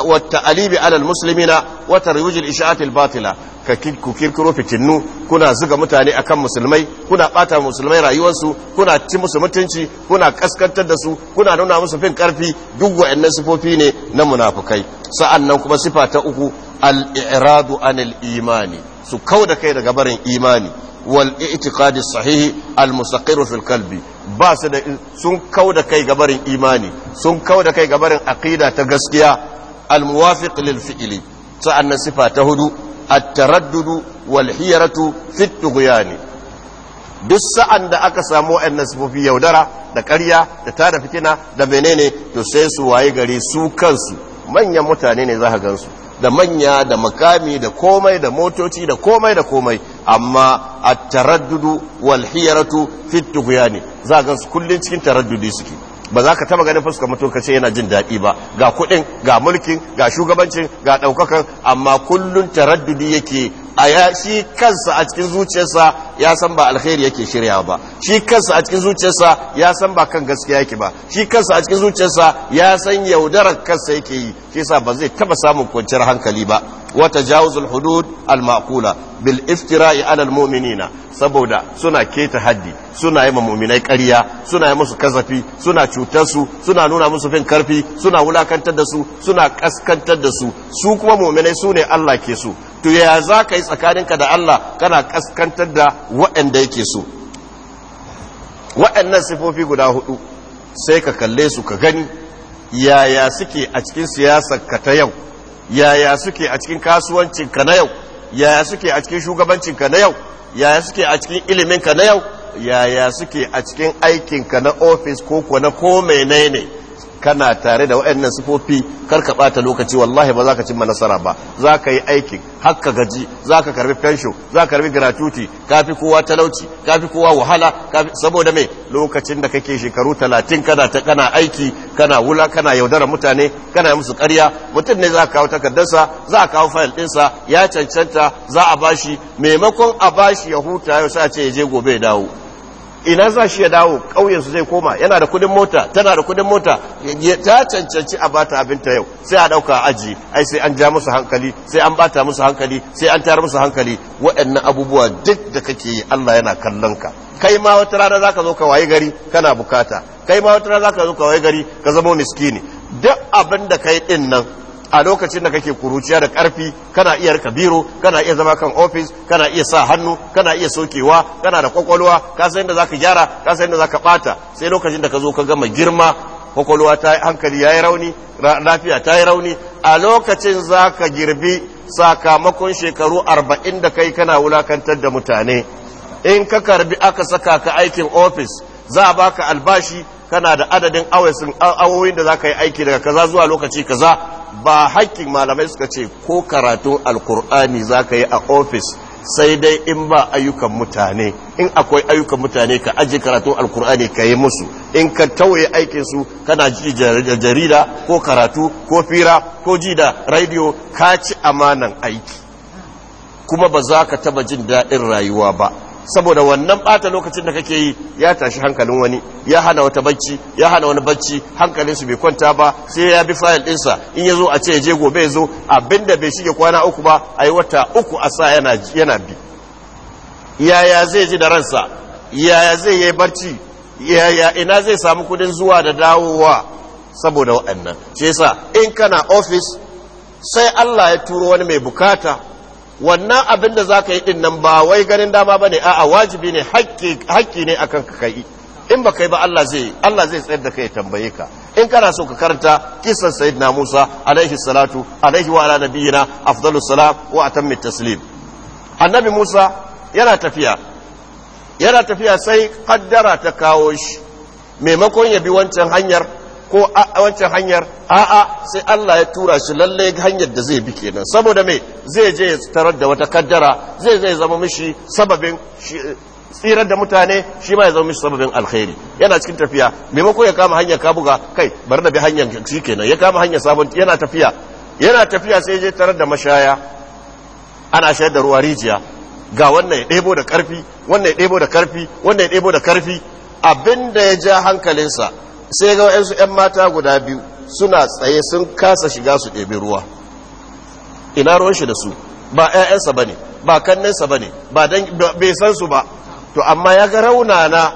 wata alibi alal na wata rujul isha'atil batila ka kirkiro fitinnu kuna zuga mutane akan musulmai kuna bata musulmai rayuwarsu kuna ci musu mutunci kuna kaskantar da su kuna nuna musu fin karfi duk wa'annan sifofi ne na munafukai sa'annan kuma sifa ta uku al-i'radu anil imani su kau da kai daga barin imani wal i'tiqadi sahihi al mustaqir fil qalbi ba su da sun kau da kai ga barin imani sun kau da kai ga barin aqida ta gaskiya al muwafiq lil fi'li anna sifa ta hudu at taraddud wal hiyaratu fi tughyani duk sa'an da aka samu wa'annan fi yaudara da ƙarya da tada fitina da menene to sai su waye gari su kansu manyan mutane ne za ka gansu da manya da makami da komai da motoci da komai da komai amma a taraddudu walhiyaratu fitu fit ne za ka gansu kullum cikin taraddudi suke ba za ka taba ganin fuskar mutum kace yana jin daɗi ba ga kuɗin ga mulkin ga shugabancin ga ɗaukakan amma kullum taraddudi yake a ya shi kansa a cikin zuciyarsa ya san ba alkhairi yake shirya ba shi kansa a cikin zuciyarsa ya san ba kan gaskiya yake ba shi kansa a cikin zuciyarsa ya san yaudarar kansa yake yi shi yasa ba zai taba samun kwanciyar hankali ba wa tajawuzul hudud al maqula bil iftira'i ala al mu'minina saboda suna keta haddi suna yi ma mu'minai ƙarya suna yi musu kasafi suna cutar su suna nuna musu fin karfi suna wulakantar da su suna kaskantar da su su kuma mu'minai su ne Allah ke su to ya za ka yi tsakaninka da Allah kana kaskantar da waɗanda yake so waɗannan sifofi guda hudu sai ka kalle su ka gani yaya suke a cikin siyasarka ta yau yaya suke a cikin kasuwancinka na yau yaya suke a cikin shugabancinka na yau yaya suke a cikin iliminka na yau yaya suke a cikin aikinka na ofis ko kuwa na ko menene ne kana tare da waɗannan sifofi karka bata lokaci wallahi ba za ka cimma nasara ba za ka yi aikin hakka gaji za ka karbi fensho za ka karbi gratuity ka fi kowa talauci ka fi kowa wahala saboda mai lokacin da kake shekaru talatin kana ta kana aiki kana wula kana yaudara mutane kana musu karya mutum ne za ka kawo takardarsa za a kawo fayil ɗinsa ya cancanta za a bashi maimakon a bashi ya huta yau sai a ce ya je gobe ya dawo ina za shi ya dawo ƙauyensu zai koma yana da kudin mota tana da kudin mota ta cancanci a bata abinta yau sai a ɗauka aji ai sai an ja musu hankali sai an bata musu hankali sai an tara musu hankali waɗannan abubuwa duk da kake yi Allah yana kallon ka kai ma wata rana zaka zo ka waye gari kana bukata kai ma wata rana zaka zo ka waye gari ka zama miskini duk abin da kai din nan a lokacin da kake kuruciya da karfi kana iya rika biro kana iya zama kan ofis kana iya sa hannu kana iya sokewa kana da kwakwalwa ka san yadda zaka gyara ka san yadda zaka bata sai lokacin da ka zo ka gama girma kwakwalwa ta hankali yayi rauni lafiya ta yi rauni a lokacin zaka girbi sakamakon shekaru arba'in da kai kana wulakantar da mutane in ka karbi aka saka ka aikin ofis za a baka albashi kana da adadin awoyin da za ka yi aiki daga kaza zuwa lokaci kaza ba haƙƙin malamai suka ce ko karatun alkur'ani za ka yi a ofis sai dai in ba ayyukan mutane in akwai ayyukan mutane ka aji karatun alkur'ani ka yi musu in ka tawaye aikinsu kana ji jarida ko karatu ko fira ko ji da rediyo ka ci amanan aiki kuma ba za ka taba jin daɗin rayuwa ba saboda wannan bata lokacin da kake yi ya tashi hankalin wani ya hana wata bacci ya hana wani bacci hankalin su bai kwanta ba sai ya bi fayil dinsa in ya zo a ce ya je gobe ya zo abinda bai shige kwana uku ba ai wata uku a sa yana bi yaya zai ji da ransa yaya zai yi barci yaya ina zai samu kudin zuwa da dawowa saboda waɗannan shi yasa in kana ofis sai Allah ya turo wani mai bukata wannan abin da za ka yi ɗin nan ba wai ganin dama ba ne a'a wajibi ne haƙƙi ne a kanka ka yi. in ba kai ba Allah zai Allah zai tsayar da kai tambaye ka in kana so ka karanta kisan sayyidina Musa alaihi salatu alaihi wa ala nabiyina afdalu salam wa atammi taslim annabi Musa yana tafiya yana tafiya sai kaddara ta kawo shi maimakon ya bi wancan hanyar ko a wancan hanyar a'a sai Allah ya tura shi lalle hanyar da zai bi kenan saboda me zai je ya tarar da wata kaddara zai zai zama mishi sababin tsirar da mutane shi ma ya zama mishi sababin alkhairi yana cikin tafiya maimako ya kama hanyar ka buga kai bar da bi hanyar shi kenan ya kama hanyar sabon yana tafiya yana tafiya sai je tarar da mashaya ana shayar da ruwa rijiya ga wannan ya ɗebo da ƙarfi wannan ya ɗebo da ƙarfi wannan ya ɗebo da ƙarfi abinda ya ja hankalinsa sai ga wa'yansu 'yan mata guda biyu suna tsaye sun kasa shiga su ɗebi ruwa ina ruwan shi da su ba 'ya'yansa ba ne ba kannensa ba ne ba san su ba to amma ya ga raunana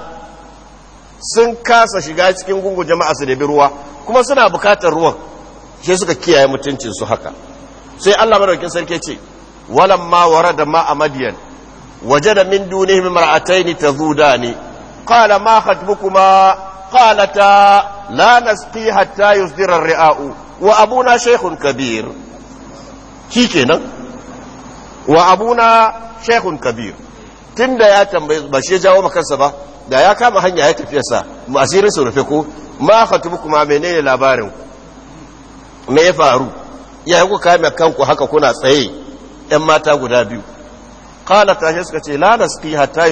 sun kasa shiga cikin gungun jama'a su ɗebi ruwa kuma suna bukatar ruwan sai suka kiyaye mutuncinsu haka sai allah madaukin sarki ce walamma da ma a madiyan waje da min ta zuda ne qala ma kuma. قالتا لا نسقي حتى يصدر الرعاء وأبونا شيخ كبير شيكينا وأبونا شيخ كبير tunda ya tambayi ba shi jawo kansa ba da ya kama hanya ya tafiya sa asirin su rufe ko ma khatubu kuma menene labarin me ya faru ya ku kame kanku haka kuna tsaye yan mata guda biyu qala ta suka ce la nasqi hatta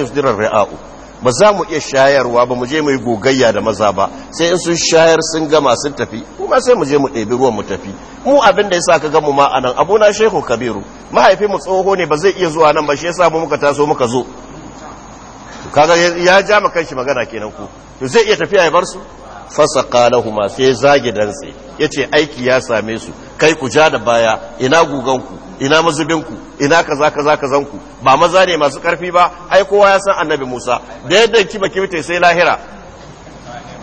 ba za mu iya shayarwa ba mu je mu yi gogayya da maza ba sai in sun shayar sun gama sun tafi kuma sai mu je mu ɗebi ruwan mu tafi mu abin da ya sa ka ga mu ma anan abuna shehu kabiru mahaifinmu tsoho ne ba zai iya zuwa nan ba shi yasa mu muka taso muka zo kaga ya ja ma kanshi magana kenan ku to zai iya tafiya ya bar su fasaka lahuma sai zage dantse yace aiki ya same su kai ku ja da baya ina gugan ku ina mazubinku ina kaza kaza kazanku ba maza ne masu karfi ba ai kowa ya san annabi Musa da yadda ki baki mutai sai lahira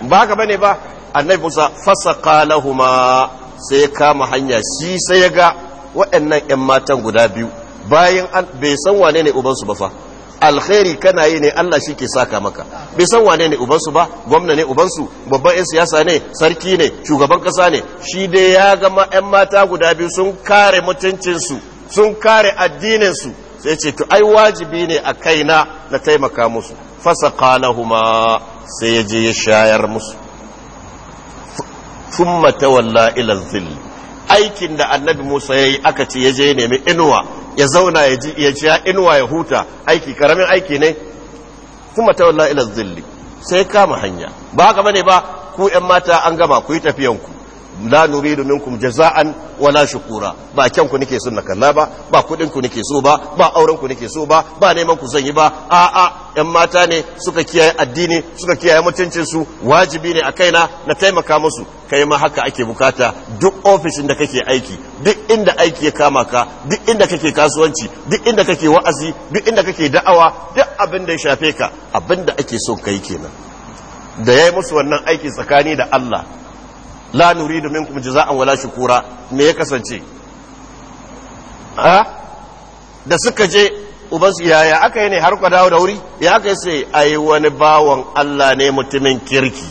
ba ka bane ba annabi Musa fasaqa lahumma sai ya kama hanya shi sai ya ga waɗannan 'yan matan guda biyu bayan bai san wane ne ubansu ba fa alkhairi kana yi ne Allah shi ke saka maka bai san wane ne ubansu ba gwamna ne ubansu babban 'yan siyasa ne sarki ne shugaban kasa ne shi dai ya gama 'yan mata guda biyu sun kare mutuncinsu sun kare addininsu sai ce to ai wajibi ne a kaina na taimaka musu fasa kalahuma sai ya je ya shayar musu thumma tawalla ila aikin da annabi Musa yayi aka ce ya je nemi inuwa ya zauna ya ci ya inuwa ya huta aiki karamin aiki ne kuma ta wallah ila zilli sai kama hanya ba haka bane ba ku yan mata an gama ku yi tafiyanku la nuridu minkum jaza'an wala shukura ba kyan ku nake son kalla ba ba kudin ku nake so ba ba auren ku nake so ba ba neman ku sanyi ba a a yan mata ne suka kiyaye addini suka kiyaye mutuncin su wajibi ne a kaina na taimaka musu kai ma haka ake bukata duk ofishin da kake aiki duk inda aiki ya kama ka duk inda kake kasuwanci duk inda kake wa'azi duk inda kake da'awa duk abin da ya shafe ka abin da ake so kai kenan da yayi musu wannan aiki tsakani da Allah la nuridu minkum jaza'an wala shukura me ya kasance a da suka je ubansu yaya aka yi ne har kwa dawo da wuri ya aka yi sai ai wani bawan Allah ne mutumin kirki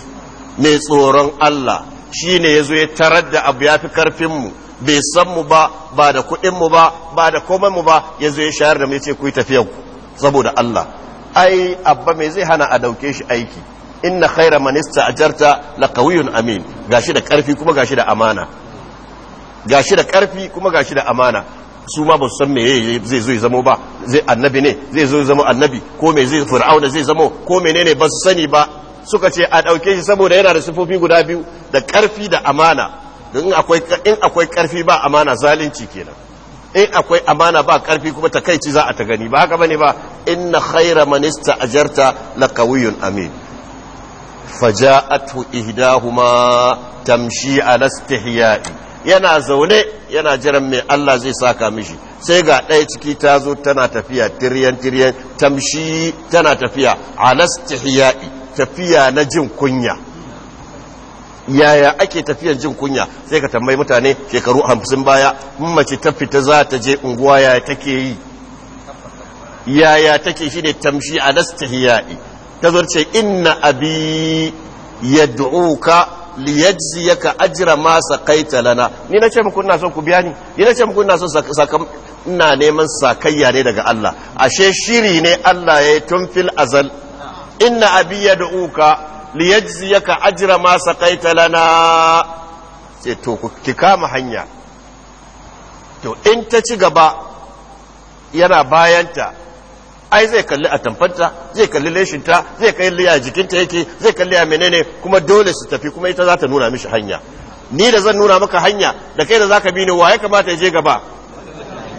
mai tsoron Allah shine yazo ya tarar da abu yafi karfin mu bai san mu ba ba da kuɗinmu ba ba da komai mu ba yazo ya shayar da mu ya ku yi tafiyan saboda Allah ai abba me zai hana a ɗauke shi aiki inna khaira man ista'jarta laqawiyyun amin gashi da karfi kuma gashi da amana gashi da karfi kuma gashi da amana su ma ba su san meye zai zo zama ba zai annabi ne zai zo zama annabi ko me zai fir'auna zai zama ko menene ba su sani ba suka ce a dauke shi saboda yana da sifofi guda biyu da karfi da amana in akwai in akwai karfi ba amana zalunci kenan in akwai amana ba karfi kuma takaici za a ta gani ba haka bane ba inna khaira man ista'jarta laqawiyyun amin faja'atu إهداهما tamshi على استحياء yana zaune yana jiran mai Allah zai saka mishi sai ga ɗaya ciki ta zo tana tafiya tiryan tiryan tamshi tana tafiya ala tafiya na jin kunya yaya ake tafiyan jin kunya sai ka tambayi mutane shekaru hamsin baya mace ta fita za ta je unguwa yaya take yi yaya take shi ne tamshi a ta zo ce inna abi yad'uka yajziyaka ajra ma saqaita lana ni nace muku ina son ku biya ni ni nace muku ina son sakam ina neman sakayya ne daga Allah ashe shiri ne Allah yayi tun fil azal inna abi yad'uka yajziyaka ajra ma saqaita lana ce to ku ki kama hanya to in ta ci gaba yana bayanta ai zai kalli a tamfanta zai kalli leshinta zai kalli ya jikinta yake zai kalli a menene kuma dole su tafi kuma ita za ta nuna mishi hanya ni da zan nuna maka hanya da kai da za ka bi ni wa kamata ya je gaba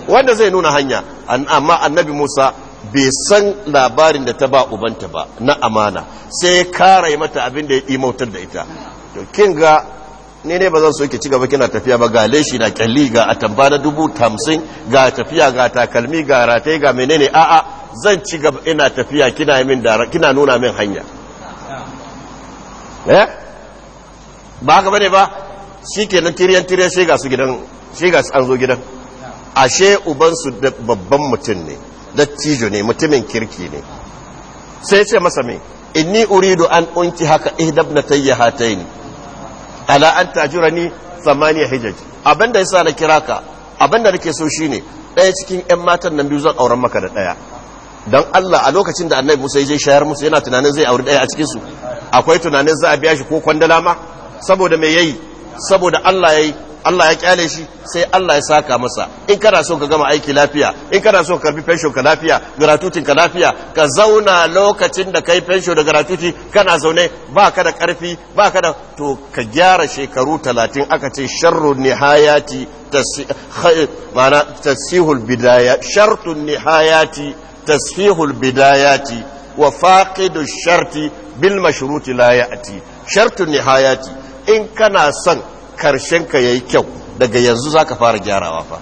wanda zai nuna hanya amma annabi Musa bai san labarin da ta ba ubanta ba na amana sai ya kara mata abin da ya imautar da ita to kin ga ne ne ba zan so ki ci gaba kina tafiya ba ga leshi na kyalli ga atamba na dubu tamsin ga tafiya ga takalmi ga rataye ga menene a'a zan ci gaba ina tafiya kina min dara kina nuna min hanya eh ba haka bane ba shikenan tiryan tiryan sai ga su gidan shi ga an zo gidan ashe ubansu babban mutum ne dattijo ne mutumin kirki ne sai ce masa me inni uridu an unki haka ihdabnatayya hataini ala an tajurani thamaniya hijaj abinda yasa na kira ka abinda nake so shine ɗaya cikin yan matan nan biyu zan auren maka da ɗaya. don Allah a lokacin da annabi Musa ya je shayar musu yana tunanin zai auri daya a cikinsu akwai tunanin za a biya shi ko kwandala ma saboda me yayi saboda Allah yayi Allah ya kyale shi sai Allah ya saka masa in kana so ka gama aiki lafiya in kana so ka karbi pension ka lafiya gratuitin ka lafiya ka zauna lokacin da kai pension da gratuity kana zaune ba ka da karfi ba ka da to ka gyara shekaru talatin aka ce sharru nihayati tasihul bidaya shartun nihayati tashihul bidayati wa faqidu sharti bil mashruti la ya'ti nihayati in kana son karshen ka yayi kyau daga yanzu zaka fara gyarawa fa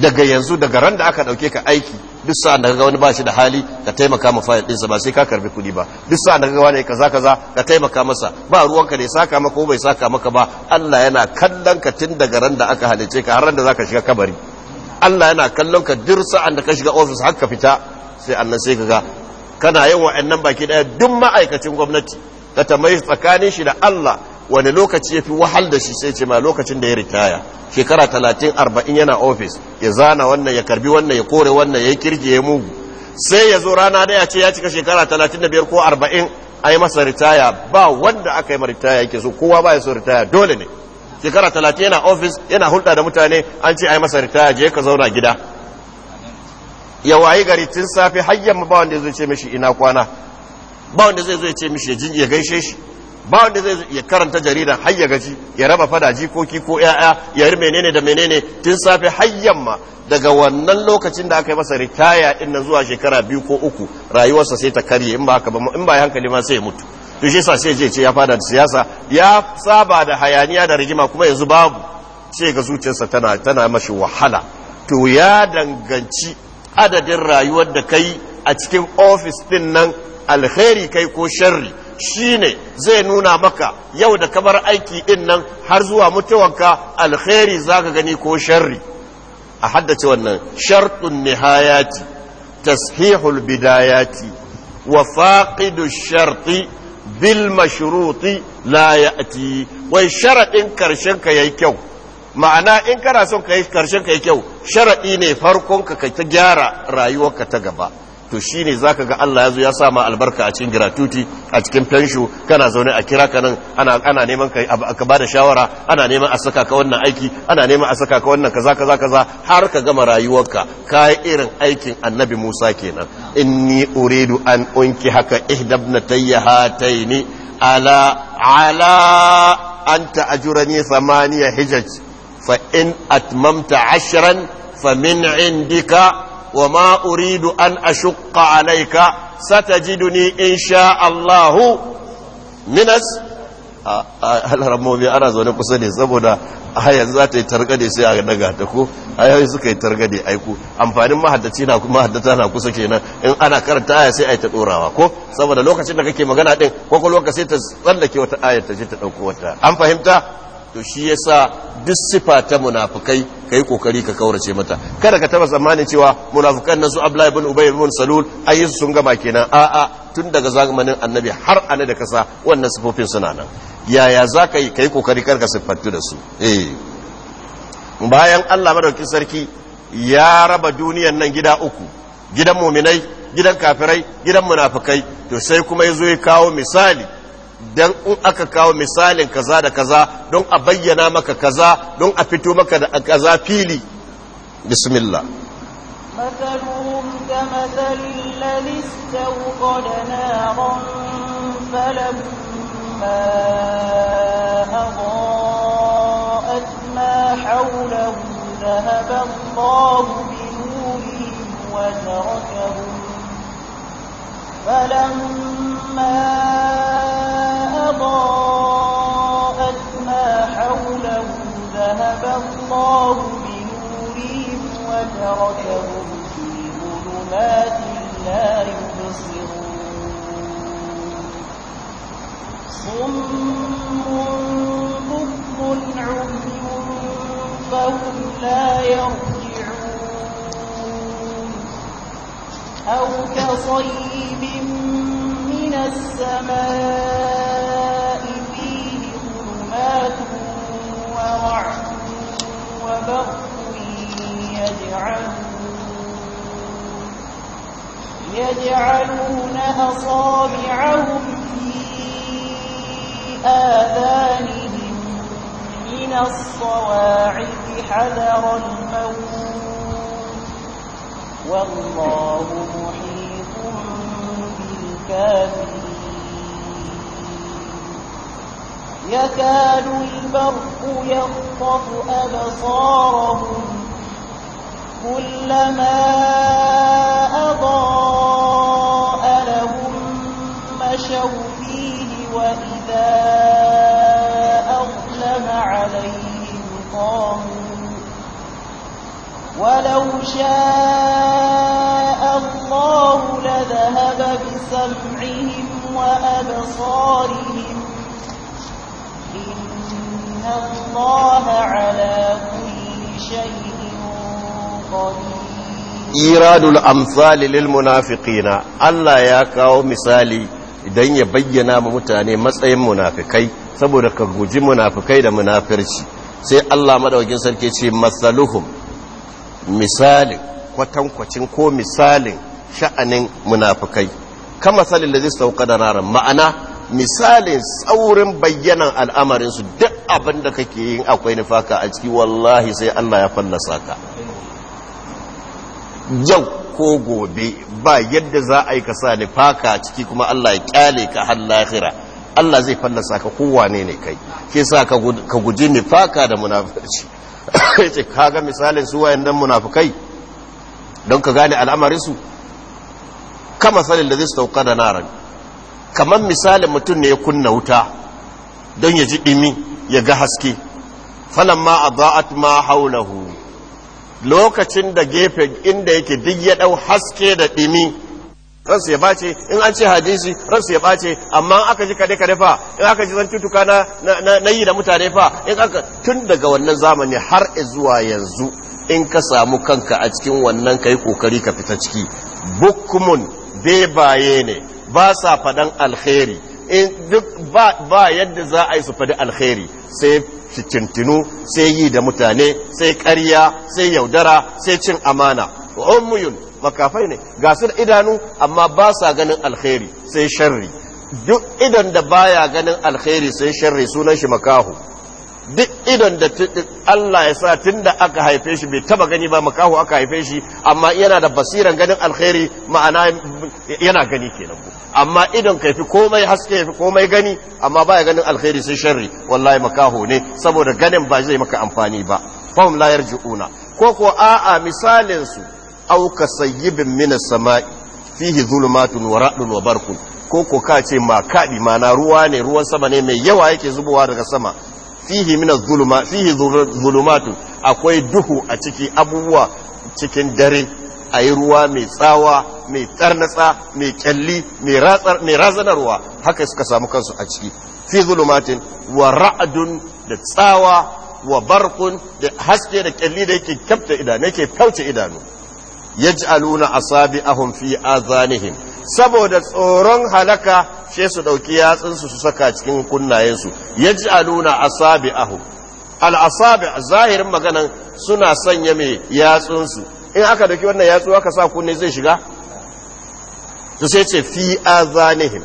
daga yanzu daga ran da aka dauke ka aiki duk sa'an da wani ba shi da hali ka taimaka ma fayil ɗinsa ba sai ka karbi kuɗi ba duk sa'an da wani kaza kaza ka taimaka masa ba ruwanka ne ya saka maka ko bai saka maka ba Allah yana kallon ka tun daga ran da aka halice ka har ran da zaka shiga kabari Allah yana kallon ka dir sa'an da ka shiga ofis haka fita sai Allah sai kaga kana yin wa'annan baki daya duk ma'aikacin gwamnati ka mai tsakanin shi da Allah wani lokaci yafi fi wahal da shi sai ce ma lokacin da ya ritaya shekara talatin arba'in yana ofis ya zana wannan ya karbi wannan ya kore wannan ya kirge ya mugu sai ya zo rana daya ce ya cika shekara talatin da biyar ko arba'in a masa ritaya ba wanda aka yi ma ritaya yake so kowa ba ya so ritaya dole ne shekara talatin yana ofis yana hulɗa da mutane an ce ai masa ritaya je ka zauna gida ya wayi gari tun safe hayyan ba wanda zai ce mishi ina kwana ba wanda zai zo ya ce mishi ya gaishe shi ba wanda zai ya karanta jarida har ya gaji ya raba fada jikoki ko ya'ya ya yi menene da menene tun safe hayyan ma daga wannan lokacin da aka yi masa ritaya din zuwa shekara biyu ko uku rayuwarsa sai ta karye in ba haka ba in ba hankali ma sai ya mutu to shi sai ce ya fada da siyasa ya saba da hayaniya da rigima kuma yanzu babu sai ga zuciyarsa tana tana mashi wahala to ya danganci adadin rayuwar da kai a cikin ofis din nan alheri kai ko sharri ne zai nuna maka yau da kamar aiki din nan har zuwa mutuwanka alheri zaka gani ko sharri a haddace wannan shartun nihayati tashihul bidayati wa faqidu sharti bil mashruti la ya'ti wai sharaɗin karshen ka yayi kyau ma'ana in kana son ka yi karshen ka yi kyau sharaɗi ne farkon ka ta gyara rayuwarka ta gaba to shi za zaka ga Allah ya zo ya sama albarka a cikin gratuti a cikin fensho kana zaune a kira ka nan ana neman ka ba da shawara ana neman a saka ka wannan aiki ana neman a saka ka wannan kaza kaza kaza har ka gama rayuwarka kai irin aikin Annabi Musa kenan inni uridu an unki haka ihdabnatayya hataini ala ala anta ajurani thamaniya hijaj fa in atmamta ashran min indika وما أريد أن أشق عليك ستجدني إن شاء الله من alharmomi ana zaune kusa ne saboda hayan za ta yi targade sai a daga ko hayoyi suka yi targade aiku amfanin mahaddaci na mahaddata na kusa kenan in ana karanta aya sai a yi ta dorawa ko saboda lokacin da kake magana din ko lokacin ta tsallake wata ayar ta je ta wata an fahimta to shi yasa duk sifa ta ka yi kokari ka kaurace mata kada ka taba tsammanin cewa munafukan nan su Abdullahi ibn Ubay Salul su sun gama kenan a a tun daga zamanin annabi har ana da kasa wannan sifofin suna nan yaya za ka yi ka yi kokari karka siffantu da su eh bayan Allah madaukin sarki ya raba duniyar nan gida uku gidan muminai gidan kafirai gidan munafukai to sai kuma ya zo ya kawo misali dan in aka kawo misalin kaza da kaza don a bayyana maka kaza don a fito maka da kaza fili bismillah مثلهم كمثل الذي استوقد نارا فلما أضاءت ما حوله ذهب الله بنورهم وتركهم فلما أضاءت ما حوله ذهب الله بنورهم وتركهم في ظلمات لا يبصرون صم بكم عمي فهم لا يرجعون أو كصيب من السماء وبرق يجعلون أصابعهم في آذانهم من الصواعق حذر الموت والله محيط بالكافرين يكاد البرق يخطف أبصارهم كلما أضاء لهم مشوا فيه وإذا أظلم عليهم قاموا ولو شاء الله لذهب بسمعهم وأبصارهم iradul على lil munafiqina allah ya kawo misali idan ya bayyana ma mutane matsayin munafikai saboda ka guji munafikai da munafirci sai Allah madaukakin sarki ce masaluhum misalin kwatankwacin ko misalin sha'anin munafikai kama salin da zai sauka da naran ma'ana misalin saurin bayyanan al'amarinsu duk abinda kake yin akwai nufaka a ciki wallahi sai Allah ya fallasa ka yau ko gobe ba yadda za a yi ka sa nufaka ciki kuma Allah ya kyale ka har lahira Allah zai fallasa ka kowane ne kai ke sa ka guji nufaka da munafurci *coughs* ce kaga misalin su wayan nan munafukai don ka gane al'amarinsu kama salin da zai sauka da naran kamar misali mutum ne ya kunna wuta don ya ji ɗimi ya ga haske ma a ba'at ma haulahu lokacin da gefe inda yake duk ya ɗau haske da ɗimi ransu ya bace in an ce hadisi ransu ya bace amma aka ji kade kade fa in aka ji zantutuka na na yi da mutane fa in aka tun daga wannan zamani har zuwa yanzu in ka samu kanka a cikin wannan kai kokari ka fita ciki bukumun bebaye ne ba sa fadan alkhairi in duk ba yadda za a yi su fadi alkhairi sai cicintinu sai yi da mutane sai ƙarya sai yaudara sai cin amana ummuyun makafai ne ga su da idanu amma ba sa ganin alkhairi sai sharri duk idan da baya ganin alkhairi sai sharri sunan shi makahu duk idon da Allah ya sa tun da aka haife shi bai taba gani ba makaho aka haife shi amma yana da basiran ganin alkhairi ma'ana yana gani kenan ku amma idon ka fi komai haske ya fi komai gani amma baya ganin alkhairi sai sharri wallahi makaho ne saboda ganin ba zai maka amfani ba fahim la yarji'una ko ko a'a misalin su aw ka sayyibin min samai fihi zulumatun wa ra'dun wa barkun ko ko ka ce ma kadi ma na ruwa ne ruwan sama ne mai yawa yake zubowa daga sama fihi min az-zuluma fihi zulumatu akwai duhu a ciki abubuwa cikin dare ayi ruwa mai tsawa mai tsarnatsa mai kyalli mai ratsar mai razanarwa haka suka samu kansu a ciki fi zulumatin wa ra'dun da tsawa wa barqun da haske da kyalli da yake kyafta idanu yake kauce idanu yaj'aluna asabi'ahum fi azanihim saboda tsoron halaka she su ɗauki yatsunsu su saka cikin kunnayensu yaj'aluna asabi'ahum al-asabi' zahirin maganan suna sanya mai yatsunsu in aka dauki wannan yatsu aka sa kunne zai shiga to sai ce fi azanihim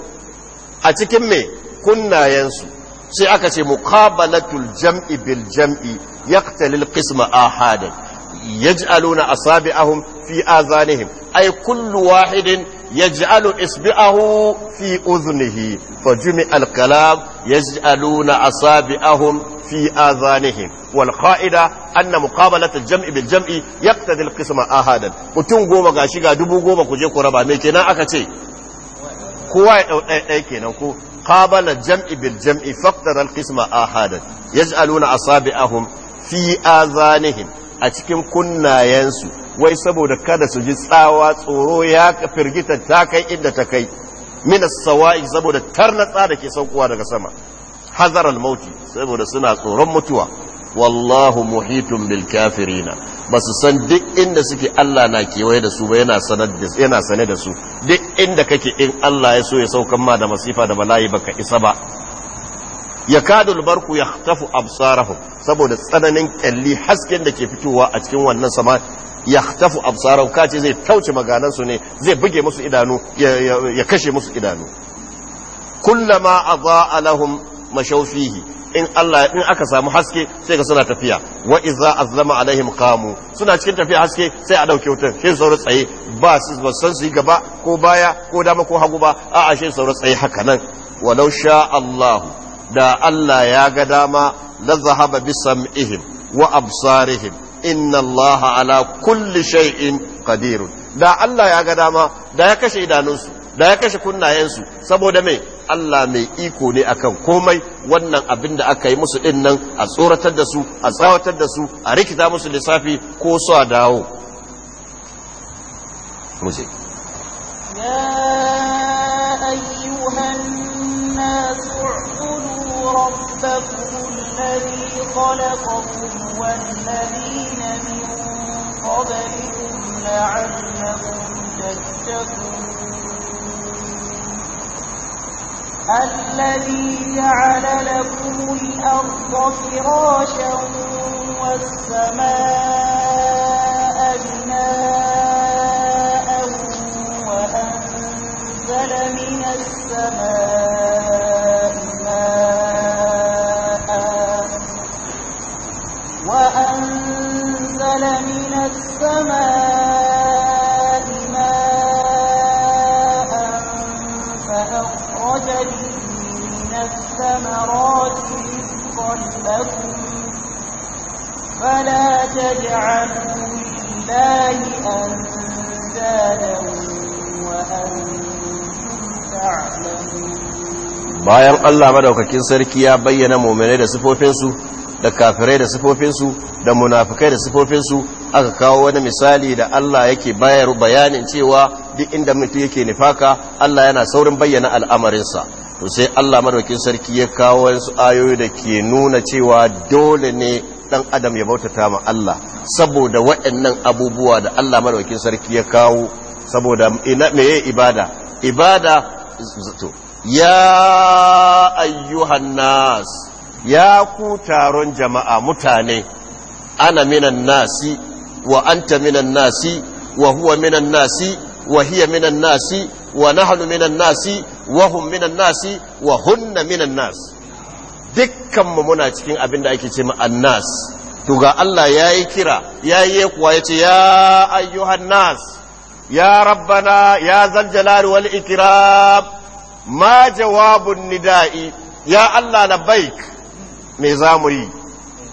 a cikin mai kunnayensu sai aka ce muqabalatul jam'i bil jam'i yaqtalil qisma ahadan yaj'aluna asabi'ahum fi azanihim ay kullu wahidin yaj'alu isbi'ahu fi udhnihi fajmi al-kalam yaj'aluna asabi'ahum fi azanihim wal qa'ida anna muqabalat al-jam'i bil jam'i yaqtadi al-qisma ahadan mutum goma gashi ga dubu goma kuje ku raba me kenan aka ce kowa ya dau ɗaya kenan ko قابل jam'i بالجمع فاقدر القسم آحادا يجعلون أصابعهم في آذانهم a cikin kunnayensu wai saboda kada su ji tsawa tsoro ya firgita ta kai inda ta kai minas sawa'i saboda tarnatsa da ke saukowa daga sama hazar mauti saboda suna tsoron mutuwa wallahu muhitun bil kafirina ba su san duk inda suke Allah na kewaye da su ba yana sane da su duk inda kake in Allah ya so ya saukan ma da masifa da bala'i baka isa ba yakadu albarku tafi absarahu saboda tsananin kalli hasken da ke fitowa a cikin wannan sama tafi absarahu kace zai tauce maganansu ne zai buge musu idanu ya kashe musu idanu kullama adaa lahum mashawfihi in Allah in aka samu haske sai ga suna tafiya wa idza azlama alaihim qamu suna cikin tafiya haske sai a dauke wutar shi sauran tsaye ba su ba san su gaba ko baya ko dama ko hagu ba a'a shi sauran tsaye haka nan walau sha Allahu da Allah ya ga dama la zahaba bi ihim wa absarihim inna Allah ala kulli shay'in qadirun da Allah ya ga dama da ya kashe idanunsu da ya kashe kunnayensu saboda me Allah mai iko ne akan komai wannan abin da aka yi musu din nan a tsoratar da su a tsawatar da su a rikita musu lissafi ko su a dawo muje ربكم الذي خلقكم والذين من قبلكم لعلكم تتقون الذي جعل لكم الأرض فراشا والسماء بناء وأنزل من السماء السماء ماء فأخرج به من الثمرات رزقا لكم فلا تجعلوا لله أندادا وأنتم تعلمون bayan Allah madaukakin sarki ya bayyana mu'minai da sifofinsu da kafirai da sifofinsu da munafukai da sifofinsu aka kawo wani misali da Allah yake bayar bayanin cewa duk inda mutum yake nifaka Allah yana saurin bayyana al'amarinsa to sai Allah madaukin sarki ya kawo wasu ayoyi da ke nuna cewa dole ne dan adam ya bautata ma Allah saboda waɗannan abubuwa da Allah madaukin sarki ya kawo saboda ina me yayi ibada ibada ya ayyuhan nas ya ku taron jama'a mutane ana minan nasi wa anta minan nasi wa huwa minan nasi wa hiya minan nasi wa nahnu minan nasi wa hum minan nasi wa hunna minan nasi dukkanmu muna cikin abin da ake ce ma annas to ga Allah yayi kira yayi kuwa yace ya ayyuhan nas ya rabbana ya zal jalal wal ikram ma jawabun nida'i ya Allah labbaik me za mu yi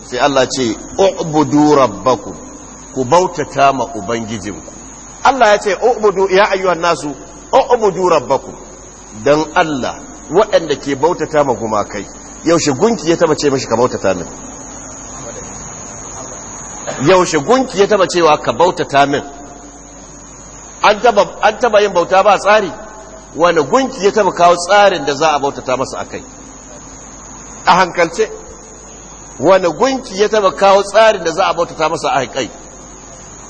sai Allah ce ubudu rabbakum ku bautata ma ubangijinku Allah ya ce ubudu ya ayyuhan nasu ubudu rabbakum dan Allah waɗanda ke bautata ma gumakai yaushe gunki ya taba ce mishi ka bautata min yaushe gunki ya taba cewa ka bautata min an taba yin bauta ba tsari wani gunki ya taba kawo tsarin da za a bautata masa akai a hankalce wani gunki ya taba kawo tsarin da za a bauta ta masa a haikai?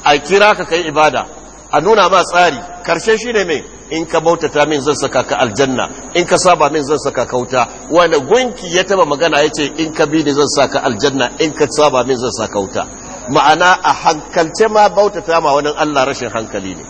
a kira ka kai ibada a nuna ma tsari karshe ne mai in ka bauta ta min zan saka ka aljanna in ka saba min zan saka ka wuta wani gunki ya taba magana ya ce in ka bi ni zan saka aljanna in ka saba min zan saka wuta ma'ana a hankalce ma bauta ta ma wani Allah rashin hankali ne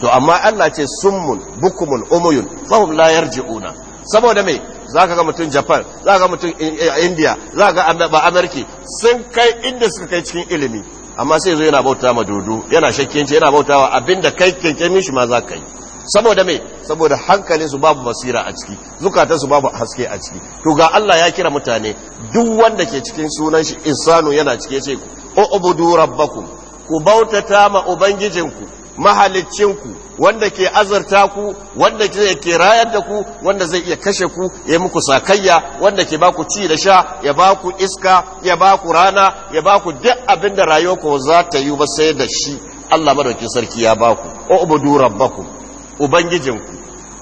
to amma Allah ce summun bukumun umuyun fahum la yarji'una saboda mai za ka ga mutum japan za ka ga mutum eh, eh, india za ka ga amurki sun kai inda suka kai cikin ilimi amma sai zo yana bauta ma dodo yana shakkenci yana bauta wa abinda kai kyankyami shi ma za ka yi saboda mai saboda hankalin su babu basira a ciki zukatan su babu haske a ciki to ga Allah ya kira mutane duk wanda ke cikin sunan shi insanu yana cike ce ku ubudu rabbakum ku bautata ma ubangijinku mahalicinku wanda ke azarta ku wanda ke rayar da ku wanda zai iya kashe ku ya muku sakayya wanda ke baku ci da sha ya baku iska ya baku rana ya baku duk abin da rayuwarku za ta yi ba sai da shi Allah madaukin sarki ya baku ubudu rabbakum ubangijinku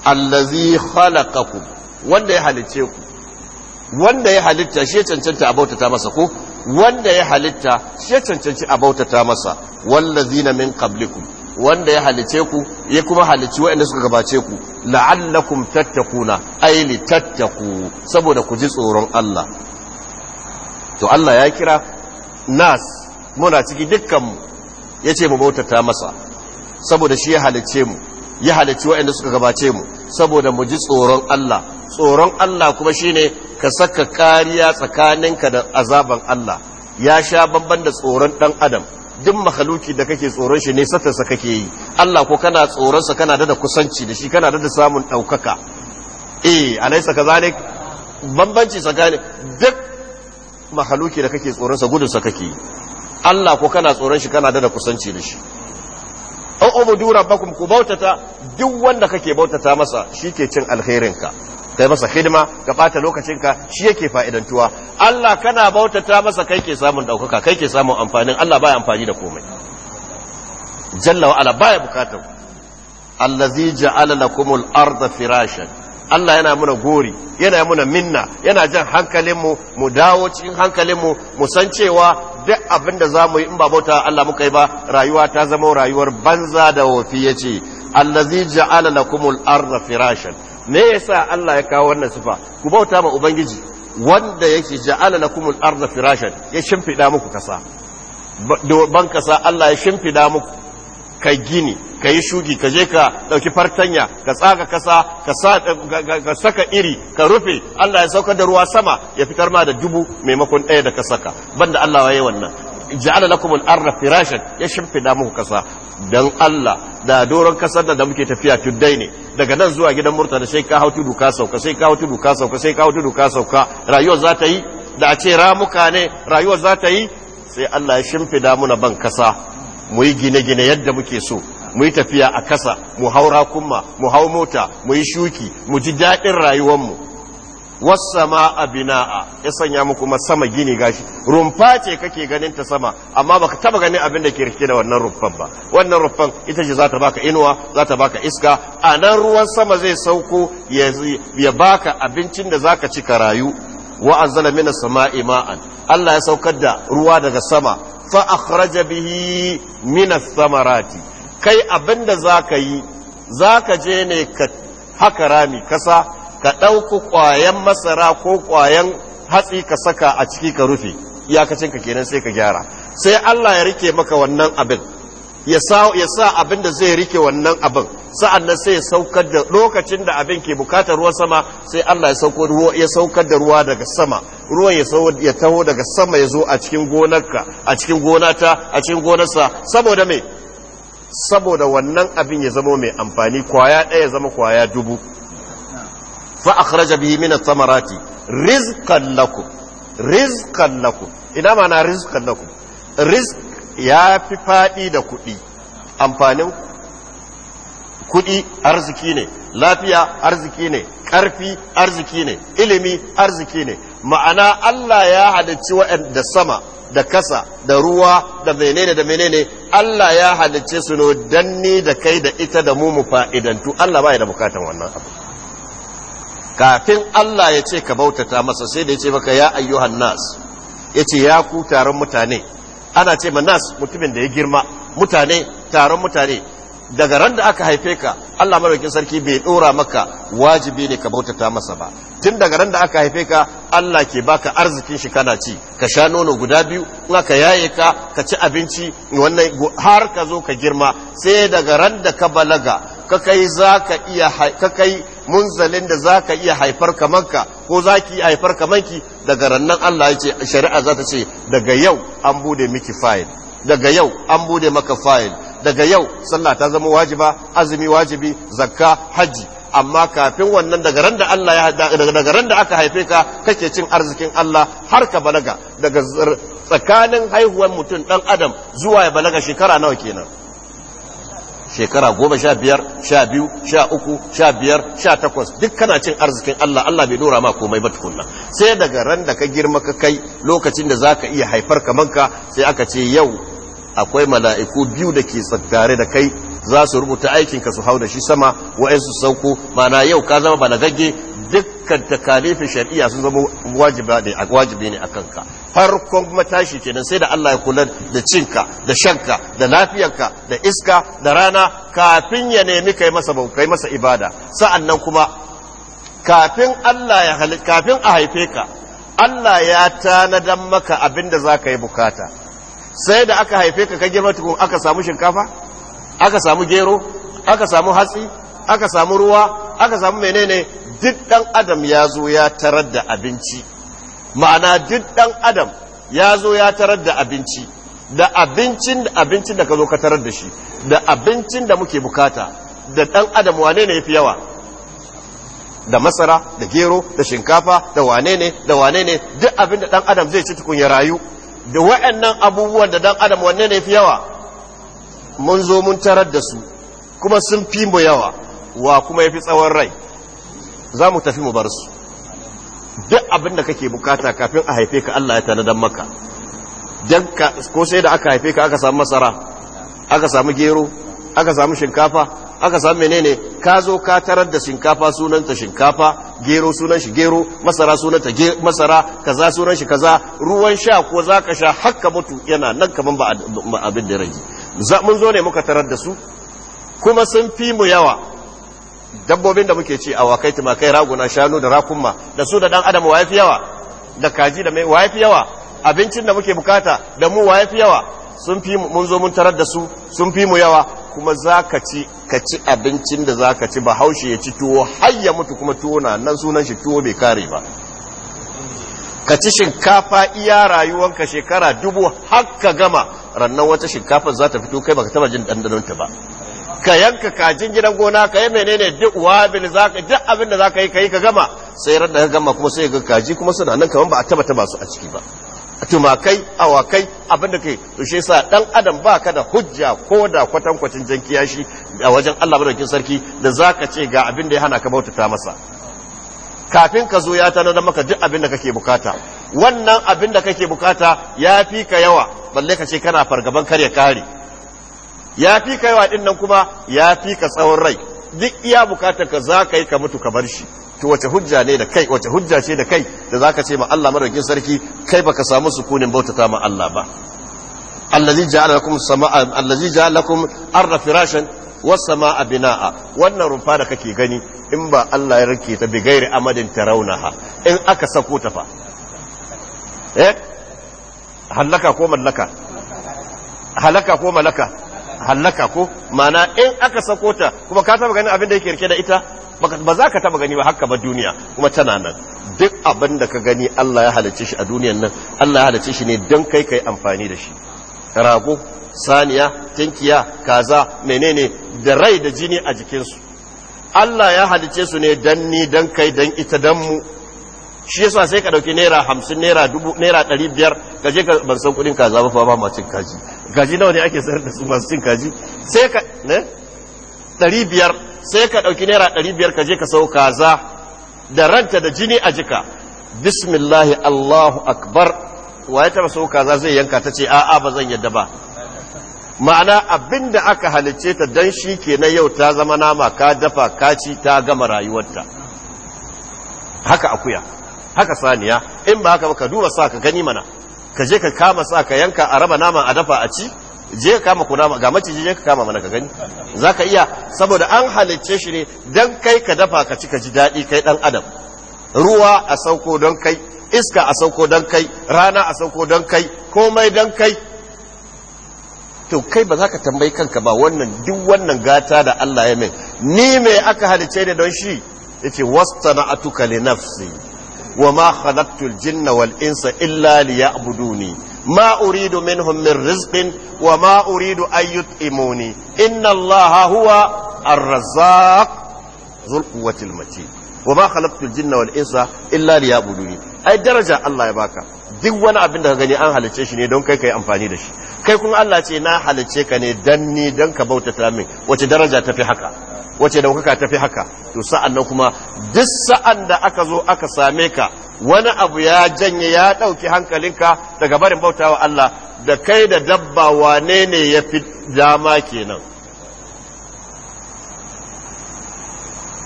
allazi khalaqakum wanda ya halice ku wanda ya halitta shi cancanta a bautata masa ko wanda ya halitta shi cancanci a bautata masa wallazina min qablikum wanda ya halice ku ya kuma halici waɗanda suka gabace ku la'allakum tattakuna ay li tattaku saboda ku ji tsoron Allah to Allah ya kira nas muna ciki dukkan mu yace mu bautata masa saboda shi ya halice mu ya halici waɗanda suka gabace mu saboda mu ji tsoron Allah tsoron Allah kuma shine ka saka kariya tsakaninka da azaban Allah ya sha bamban da tsoron dan adam duk mahaluki da kake tsoron shi ne satarsa kake yi Allah ko kana tsoronsa kana da kusanci da shi kana da samun ɗaukaka eh alaisa kazalik bambanci tsakanin duk mahaluki da kake tsoronsa gudunsa kake yi Allah ko kana tsoron shi kana da kusanci da shi an ubudu rabbakum ku bautata duk wanda kake bautata masa shi ke cin alkhairinka kai masa hidima ka bata lokacinka shi yake fa'idantuwa Allah kana bautata masa kai ke samun daukaka kai ke samun amfanin Allah baya amfani da komai jalla wa ala baya bukatar allazi ja'ala lakumul arda firashan Allah yana muna gori yana muna minna yana jan hankalinmu mu dawo cikin hankalinmu mu san cewa duk abin da zamu yi in ba bauta Allah muka yi ba rayuwa ta zama rayuwar banza da wofi yace allazi ja'ala lakumul arda firashan me yasa Allah ya kawo wannan sifa ku bauta ma ubangiji wanda yake ja'ala lakumul arda firashan ya shimfida muku kasa ban kasa Allah ya shimfida muku kai gini ka yi shugi ka je ka ɗauki fartanya ka tsaga kasa ka saka iri ka rufe Allah ya saukar da ruwa sama ya fitar ma da dubu maimakon ɗaya da ka saka banda Allah ya yi wannan ja'ala lakum al-ardha firashan ya shimfida muku kasa dan Allah da doron kasar da muke tafiya tuddai ne daga nan zuwa gidan murtala sai ka hau tudu sauka sai ka hau tudu sauka sai ka hau tudu sauka rayuwar za ta yi da a ce ramuka ne rayuwar za ta yi sai Allah ya shimfida muna ban kasa mu yi gine-gine yadda muke so mu yi tafiya a kasa mu hau rakuma mu hau mota mu yi shuki mu ji daɗin rayuwarmu wasama a a ya sanya muku ma sama gini gashi rumfa ce kake ganin ta sama amma baka taba ganin abin da ke rike da wannan rumfan ba wannan rumfan ita ce za ta baka inuwa za ta baka iska a nan ruwan sama zai sauko ya baka abincin da zaka ci ka rayu wa anzala minas sama'i ma'an Allah ya saukar da ruwa daga sama fa akhraja bihi sama samarati kai abin da zaka yi zaka je ne ka haka rami kasa ka ɗauku ƙwayan masara ko ƙwayan hatsi ka saka a ciki ka rufe iyakacin ka kenan sai ka gyara sai Allah ya rike maka wannan abin ya sa abin da zai rike wannan abin sa'an nan sai ya saukar da lokacin da abin ke bukatar ruwan sama sai Allah ya saukar da ruwa daga sama ruwan ya ya taho daga sama ya zo a cikin gonarka a cikin gonata a cikin gonarsa saboda me saboda wannan abin ya zama mai amfani kwaya ɗaya ya zama kwaya dubu fa akhraja bihi min ath rizqan lakum rizqan lakum ina mana rizqan lakum rizq ya fi fadi da kuɗi amfanin kuɗi arziki ne lafiya arziki ne ƙarfi arziki ne ilimi arziki ne ma'ana Allah ya halicci waɗanda sama da kasa da ruwa da menene da menene Allah ya halicce su danni da kai da ita da mu mu fa'idantu Allah ba da bukatan wannan abu kafin Allah ya ce ka bautata masa sai da ya ce maka ya ayyuhan nas ya ce ya ku taron mutane ana ce ma nas mutumin da ya girma mutane taron mutane daga ran da aka haife ka Allah madaukakin sarki bai dora maka wajibi ne ka bautata masa ba tun daga ran da aka haife ka Allah ke baka arzikin shi kana ci ka sha nono guda biyu ina aka yaye ka ka ci abinci wannan har ka zo ka girma sai daga ran da ka balaga ka kai za ka iya ka kai munzalin da za ka iya haifar kamanka ko za ki haifar kamanki daga rannan Allah ya ce shari'a za ta ce daga yau an bude miki fayil daga yau an bude maka fayil daga yau sallah ta zama wajiba azumi wajibi zakka hajji amma kafin wannan daga ran da Allah ya daga ran da aka haife ka kake cin arzikin Allah har ka balaga daga tsakanin haihuwar mutum dan adam zuwa ya balaga shekara nawa kenan shekara goma sha biyar sha biyu sha uku sha biyar sha takwas duk kana cin arzikin Allah Allah bai dora ma komai ba tukunna sai daga ran da ka girma ka kai lokacin da zaka iya haifar kamar ka sai aka ce yau akwai mala'iku biyu da ke tsaddare da kai za su rubuta aikinka su hau da shi sama wa'ansu sauko mana yau ka zama balagagge dukkan takalifin shari'a sun zama wajibi ne a kanka farkon matashi kenan sai da Allah ya kula da cinka da shanka da lafiyanka, da iska da rana kafin ya nemi kai masa kai masa ibada sa'annan kuma kafin Allah ya kafin a haife ka Allah ya tanadan maka abinda za ka yi bukata sai da aka haife ka ka girma tukun aka samu shinkafa aka samu gero aka samu hatsi aka samu ruwa aka samu menene duk ɗan adam ya zo ya tarar da abinci ma'ana duk ɗan adam ya zo ya tarar da abinci da abincin da abincin da ka zo ka tarar da shi da abincin da muke bukata da ɗan adam wane ne ya fi yawa da masara da gero da shinkafa da wane ne da wane ne duk abin da ɗan adam zai ci tukun ya rayu da wa'annan abubuwan da ɗan adam wanne ne ya fi yawa mun zo mun tarar da su kuma sun fi mu yawa wa kuma ya fi tsawon rai za mu tafi mu bar su duk abin da kake bukata kafin a haife ka Allah ya tanadan maka dan ka ko sai da aka haife ka aka samu masara aka samu gero aka samu shinkafa aka samu menene ka zo ka tarar da shinkafa sunanta shinkafa gero sunan shi gero masara sunanta masara kaza sunan shi kaza ruwan sha ko zaka sha hakka mutu yana nan kaman ba abin da rage mun zo ne muka tarar da su kuma sun fi mu yawa dabbobin da muke ci awakai tumakai raguna shanu da rakunma da su da dan adam waye yafi yawa da kaji da mai waye yafi yawa abincin da muke bukata da mu waye yafi yawa sun fi mun zo mun tarar da su sun fi mu yawa kuma zaka ci ka ci abincin da zaka ci ba haushe ya ci tuwo har ya mutu kuma tuwo na nan sunan shi tuwo bai kare ba ka ci shinkafa iya rayuwanka shekara dubu har ka gama rannan wata shinkafa za ta fito kai baka taba jin ta ba ka yanka kajin gidan gona ka yi menene duk wabil zaka duk abin da zaka yi kai ka gama sai ran da ka gama kuma sai ka kaji kuma suna nan kaman ba a taba taba su a ciki ba tumakai awakai abin da kai to shi yasa dan adam ba ka da hujja ko da kwatan kwatin jan kiyashi a wajen Allah madaukakin sarki da zaka ce ga abin da ya hana ka bautata masa kafin ka zo ya tana da maka duk abin da kake bukata wannan abin da kake bukata ya fi ka yawa balle ka ce kana fargaban karya kare ya fi ka yawa din nan kuma ya fi ka tsawon rai duk iya bukatar ka za ka yi ka mutu ka bar shi to wace hujja ne da kai wace hujja ce da kai da za ka ce ma Allah madaukin sarki kai ba ka samu sukunin bautata ma Allah ba allazi ja'ala lakum sama'a allazi ja'ala lakum arda firashan was sama'a bina'a wannan rumfa da kake gani in ba Allah ya rike ta bigairi amadin tarawnaha in aka sako ta fa eh halaka ko mallaka halaka ko malaka hallaka ko mana in aka sako ta kuma ka taba gani abin da yake rike da ita ba za ka taba gani ba haka ba duniya kuma tana nan duk abin da ka gani Allah ya halicce shi a duniyan nan Allah ya halicce shi ne don kai kai amfani da shi rago saniya tinkiya kaza menene da rai da jini a jikinsu Allah ya halicce su ne don ni don kai dan ita don mu shi yasa sai ka dauki naira hamsin naira dubu naira dari biyar ka je ka ban san kuɗin kaza ba fa ba macin cin kaji kaji nawa ne ake sayar da su masu cin kaji sai ka ne ɗari biyar sai ka ɗauki naira dari biyar ka je ka sau kaza da ranta da jini a jika bismillahi allahu akbar wa ya taɓa sau kaza zai yanka ta ce a'a ba zan yadda ba ma'ana abin da aka halicce ta dan shi ke na yau ta zama nama ka dafa ka ci ta gama rayuwarta haka akuya haka saniya in ba haka ba ka duba sa ka gani mana ka je ka kama sa ka yanka a raba nama a dafa a ci je ka kama ku nama ga maciji je ka kama mana ka gani za ka iya saboda an halicce shi ne don kai ka dafa ka ci ka ji daɗi kai ɗan adam ruwa a sauko don kai iska a sauko don kai rana a sauko don kai komai don kai to kai ba za ka tambayi kanka ba wannan duk wannan gata da Allah ya mai ni me aka halice ne don shi yace wastana atuka li nafsi wa ma khalaqtul jinna wal insa illa liya'buduni ma uridu minhum min rizqin wa ma uridu an yut'imuni inna allaha huwa ar-razzaq dhul quwwatil matin wa ma khalaqtul jinna wal insa illa liya'buduni ai daraja Allah ya baka duk wani abin da ka gani an halicce shi ne don kai kai amfani da shi kai kuma Allah ce na halicce ka ne dan ni dan ka bautata min wace daraja tafi haka wace daukaka tafi haka to sa'annan kuma duk sa'an da aka zo aka same ka wani abu ya janye ya dauki hankalinka daga barin bautawa Allah da kai da dabba wane ne yafi dama kenan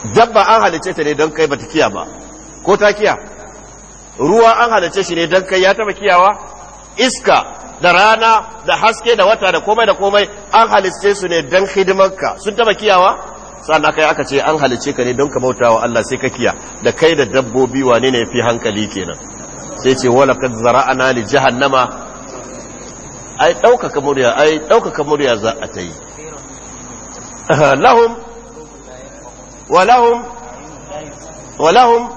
dabba an halice ta ne don kai bata kiya ba ko ta kiya ruwa an halice shi ne don kai ya taba kiyawa iska da rana da haske da wata da komai da komai an halice su ne don hidimarka sun taba kiyawa sannan kai aka ce an halice ka ne don ka bauta wa Allah sai ka kiya da kai da dabbobi wane ne fi hankali kenan sai ce wala kad zara'ana li jahannama ai daukaka murya ai ɗaukaka murya za a ta yi *laughs* lahum walahum walahum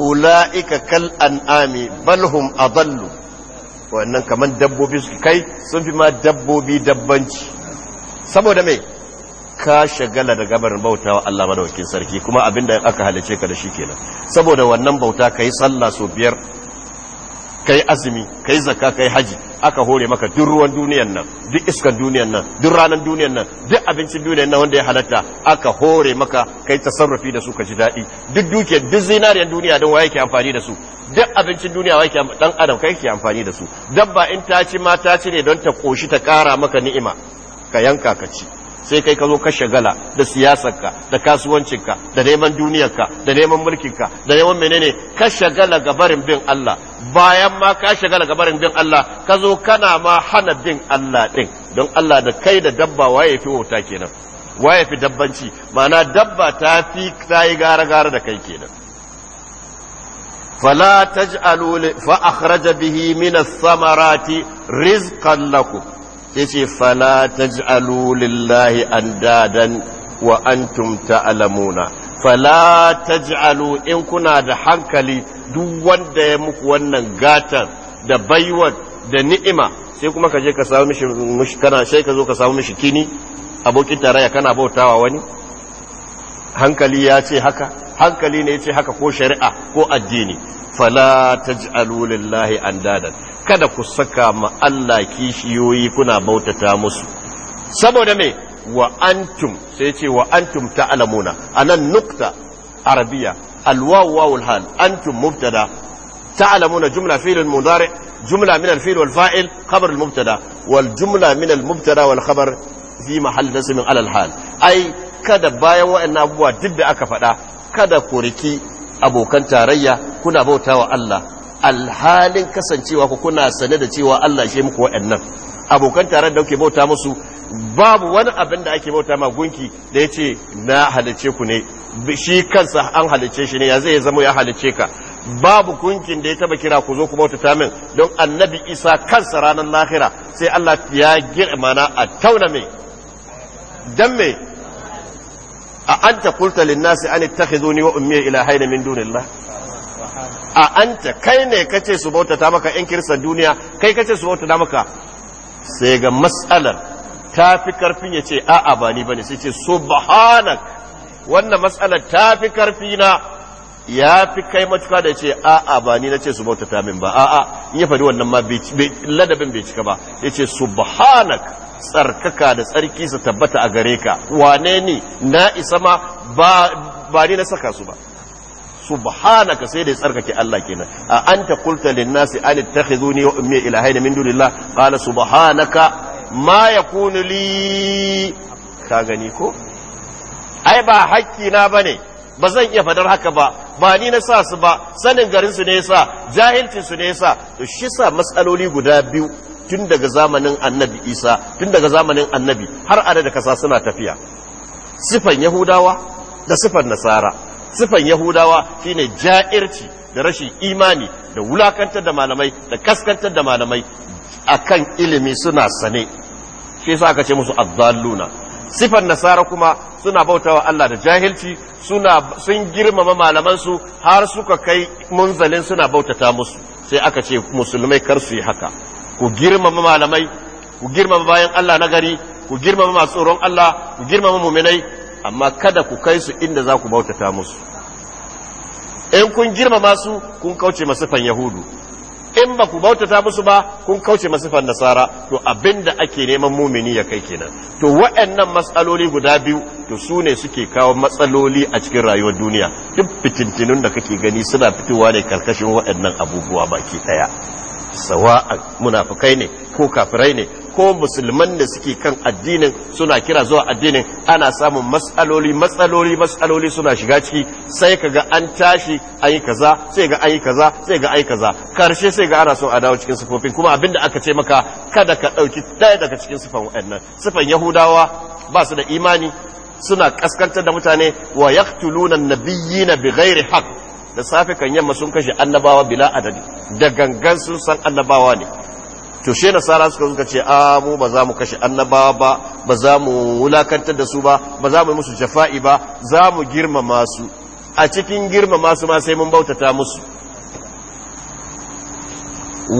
ula'ika kal an'ami balhum adallu wannan kaman dabbobi kai sun fi ma dabbobi dabbanci saboda mai ka shagala da gabar bauta wa Allah madaukakin sarki kuma abinda aka halice ka da shi kenan saboda wannan bauta ka yi sallah so biyar kai azumi kai zakka kai haji aka hore maka duk ruwan duniyan nan duk iskan duniyan nan duk ranar duniyan nan duk abincin duniyan nan wanda ya halatta aka hore maka kai tasarrufi da su ka ji daɗi duk duke duk zinariyar duniya don waye ke amfani da su duk abincin duniya waye ke dan adam kai ke amfani da su dabba in ta ci ma ta ci ne don ta koshi ta kara maka ni'ima ka yanka ka ci sai kai ka zo ka shagala da siyasarka da kasuwancinka da neman duniyarka da neman mulkinka da neman menene ka shagala ga barin bin Allah bayan ma ka shagala ga barin bin Allah ka zo kana ma hana bin Allah din don Allah da kai da dabba waye fi wauta kenan waye fi dabbanci ma'ana dabba ta fi ta yi gara gara da kai kenan fa تجعلوا bihi min samarati samarati rizqan lakum yace ce fala taj'alu lillahi andadan wa antum alamuna fala taj'alu in kuna da hankali duk wanda ya muku wannan gatan da baiwar da ni'ima sai kuma ka je ka samu mishi kana sai ka zo ka samu mishi kini abokin tarayya kana bautawa wani hankali ya ce haka hankali ne ce haka ko shari'a ko addini fala taj'alu lillahi andadan kada ku saka ma Allah kishiyoyi kuna bautata musu saboda me wa antum sai ce wa antum ta'lamuna anan nukta arabiya alwaw wawul hal antum mubtada تعلمون جملة فعل المضارع جملة من الفعل والفاعل خبر المبتدا والجملة من المبتدا والخبر في محل نصب على الحال أي kada bayan waɗannan abubuwa duk da aka faɗa kada ku riki abokan tarayya kuna bauta wa Allah alhalin kasancewa ku kuna sane da cewa Allah shi muku waɗannan abokan tarayya da kuke bauta musu babu wani abin da ake bauta ma gunki da ya ce na halice ku ne shi kansa an halice shi ne ya zai zama ya halice ka babu gunkin da ya taba kira ku zo ku bauta ta min don annabi isa kansa ranar lahira sai Allah ya girmana a tauna mai dan mai a an ta lin nasi an ni wa ummi ilahaina min la? a an ta kai ne kace su bautata maka yan kirsan duniya kai kace su bauta ta maka sai ga matsalar ta fi karfin ya ce a'a ba ni bane sai ce subhanak wannan matsalar ta fi karfi na ya fi kai matuka da ce a'a ba ni na ce su bauta ta min ba a'a in ya faɗi wannan ma ladabin bai cika ba ya ce subhanak tsarkaka da tsarki su tabbata a gare ka wane ne na isa ma ba ne na saka su ba subhanaka sai da tsarkake Allah kenan a anta qulta lin nasi an ittakhizuni wa ummi ilahayn min dunillah qala subhanaka ma yakunu li ka gani ko ai ba hakki na bane ba zan iya fadar haka ba ba ni na sa su ba sanin garin su ne yasa jahilcin su ne yasa to shi sa matsaloli guda biyu tun daga zamanin annabi isa tun daga zamanin annabi har da kasa suna tafiya sifan yahudawa da sifan nasara sifan yahudawa shine ja'irci da rashin imani da wulakantar da malamai da kaskantar da malamai akan ilimi suna sane shi yasa aka ce musu azzalluna sifan nasara kuma suna bautawa Allah da jahilci suna sun girmama su har suka kai munzalin suna bautata musu sai aka ce musulmai kar su yi haka ku girmama malamai ku girmama bayan Allah na gari ku girmama masu tsoron Allah ku girmama muminai amma kada ku kai su inda za ku bautata musu in kun girmama su kun kauce masifan yahudu in ba ku bautata musu ba kun kauce masifan nasara to abinda ake neman mumini ya kai kenan to wa'annan matsaloli guda biyu to su ne suke kawo matsaloli a cikin rayuwar duniya duk fitintinun da kake gani suna fitowa ne karkashin waɗannan abubuwa baki ɗaya sawa'a munafikai ne ko kafirai ne ko musulman da suke kan addinin suna kira zuwa addinin ana samun matsaloli matsaloli matsaloli suna shiga ciki sai kaga an tashi an yi kaza sai ga an yi kaza sai ga an yi kaza karshe sai ga ana so a dawo cikin sifofin kuma abinda aka ce maka kada ka dauki ɗaya daga cikin sifan wa'annan sufan yahudawa ba su da imani suna kaskantar da mutane wa yaqtuluna an bighairi haqq da safe kan yamma sun kashe annabawa bila adadi da gangan sun san annabawa ne to she nasara suka suka ce a mu ba za mu kashe annabawa ba ba za mu wulakantar da su ba ba za mu yi musu jafa'i ba za mu girmama su a cikin girmama su ma sai mun bautata musu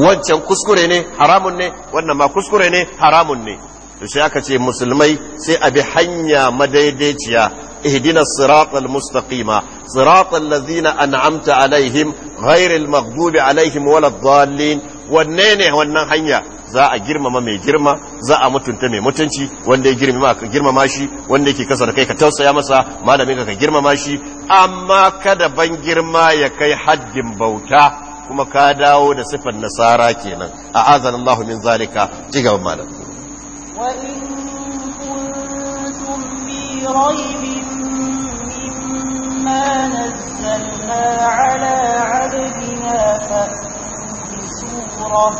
wancan kuskure ne haramun ne wannan ma kuskure ne haramun ne to sai aka ce musulmai sai a bi hanya madaidaiciya ihdina siratal mustaqima siratal ladzina an'amta alaihim ghairil maghdubi alaihim waladdallin wanne ne wannan hanya za a girmama mai girma za a mutunta mai mutunci wanda ya girmama ka girmama shi wanda yake kasa da kai ka tausaya masa malamin ka girmama shi amma kada ban girma ya kai haddin bauta kuma ka dawo da sifar nasara kenan a'azana Allahu min zalika ci gaba malam وإن كنتم في ريب مما نزلنا على عبدنا فأتوا بسورة,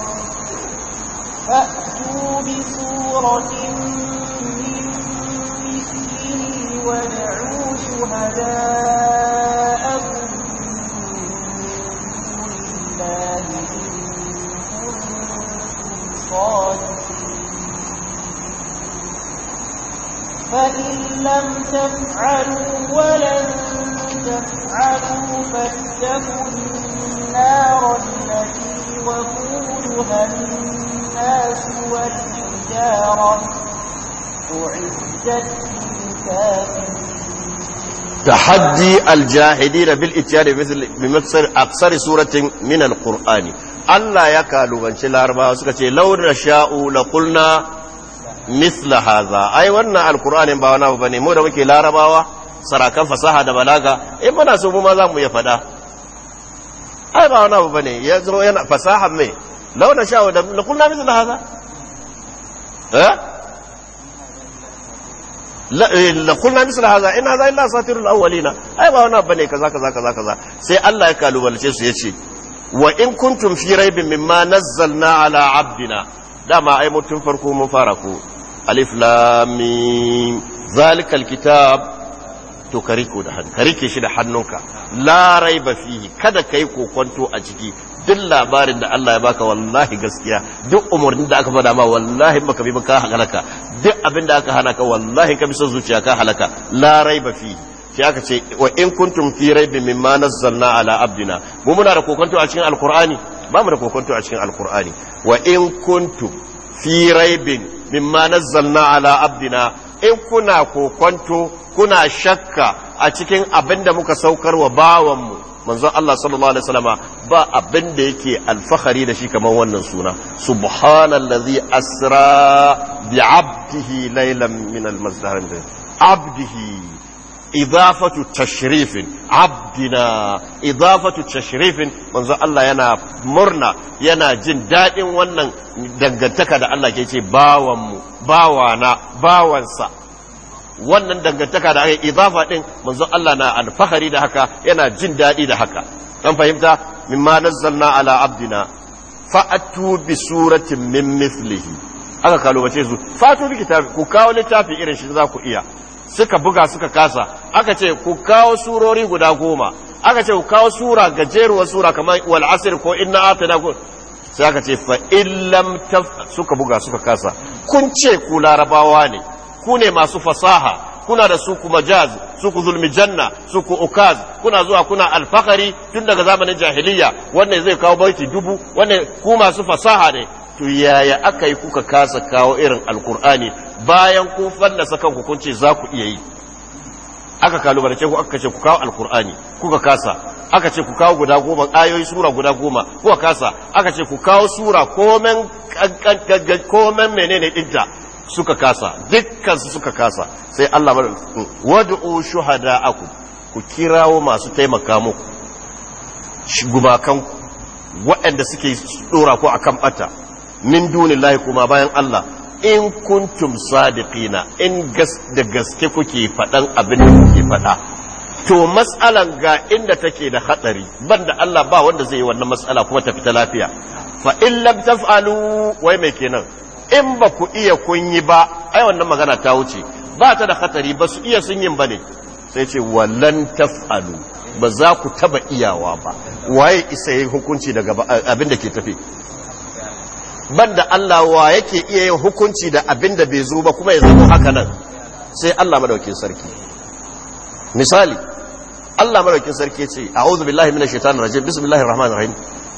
فأتوا بسورة من مثله وادعوا شهداءكم من الله إن كنتم صادقين فإن لم تفعلوا ولن تفعلوا فاتقوا النار التي وقودها الناس والحجارة أعدت للكافرين تحدي الجاهدين بالاتيان مثل بمقصر اقصر سوره من القران الله يكالو بنشي لاربا suka ce law nasha'u la qulna misla haza ai wannan alkur'anin ba wani abu bane mu da muke larabawa sarakan fasaha da balaga in muna so mu ma za mu iya faɗa ai ba wani abu bane ya zo yana fasaha mai launa sha da kullu misla haza eh la eh, kullu misla haza in haza illa satirul awwalina ai ba wani abu bane kaza kaza kaza kaza sai Allah ya kalubalace su yace wa in kuntum fi raibin mimma nazzalna ala abdina dama ai mutum farko mun fara ku alif lam mim zalikal kitab to kariko da hannu karike shi da hannunka la raiba fihi kada kai kokonto a ciki duk labarin da Allah ya baka wallahi gaskiya duk umarnin da aka fada ma wallahi baka bi baka halaka duk abin da aka hana ka wallahi ka bi zuciya ka halaka la raiba fihi sai aka ce wa in kuntum fi raibin mimma nazzalna ala abdina mu muna da kokonto a cikin alqur'ani bamu da kokonto a cikin alkur'ani wa in kuntum fi raibin mimma nazzalna ala abdina in kuna kokonto kuna shakka a cikin abinda muka saukar wa bawanmu manzon Allah sallallahu alaihi wasallama ba abinda da yake alfahari da shi kamar wannan suna subhanallazi asra bi abdihi laylan min al abdihi idafatu tashrifin abdina idafatu tashrifin manzo Allah yana murna yana jin daɗin wannan dangantaka da Allah ke ce bawanmu bawana bawansa wannan dangantaka da aka idafa din manzo Allah na alfahari da haka yana jin daɗi da haka dan fahimta mimma nazzalna ala abdina fa'atu bi suratin min mithlihi aka kalubace su fatu bi kitabi ku kawo littafi irin shi za ku iya suka buga suka kasa aka ce ku kawo surori guda goma aka ce ku kawo sura gajeruwar sura kamar wal asir ko inna atina ku sai aka ce fa illam suka buga suka kasa kun ce ku larabawa ne ku ne masu fasaha kuna da suku majaz suku zulmi janna suku ukaz kuna zuwa kuna alfakari tun daga zamanin jahiliya wannan zai kawo baiti dubu wannan ku masu fasaha ne to yaya aka kuka kasa kawo irin alkur'ani bayan kun fallasa kanku kun ce za ku iya yi aka kalubalance ku aka ce ku kawo alkur'ani kuka kasa aka ce ku kawo guda goma ayoyi sura guda goma kuka kasa aka ce ku kawo sura komen komen menene dinta suka kasa dukkan su suka kasa sai Allah bar mm, wad'u aku ku kirawo masu taimaka muku gumakan waɗanda suke dora ku akan bata min dunillahi kuma bayan Allah in kuntum sadiqina in da gaske kuke faɗan abin da kuke faɗa to matsalan ga inda take da hatsari banda Allah ba wanda zai yi wannan matsala kuma ta fita lafiya fa in lam taf'alu wai mai kenan in ba ku iya kun yi ba ai wannan magana ta wuce ba ta da hatsari ba su iya sun yin bane sai ce wallan taf'alu ba za ku taba iyawa ba waye isa yin hukunci daga abin da ke tafi banda Allah wa yake iya yin hukunci da abin da bai zo ba kuma ya zama haka nan sai Allah madaukin sarki misali Allah madaukin sarki ce a'udhu billahi minash shaitanir rajim bismillahir rahmanir rahim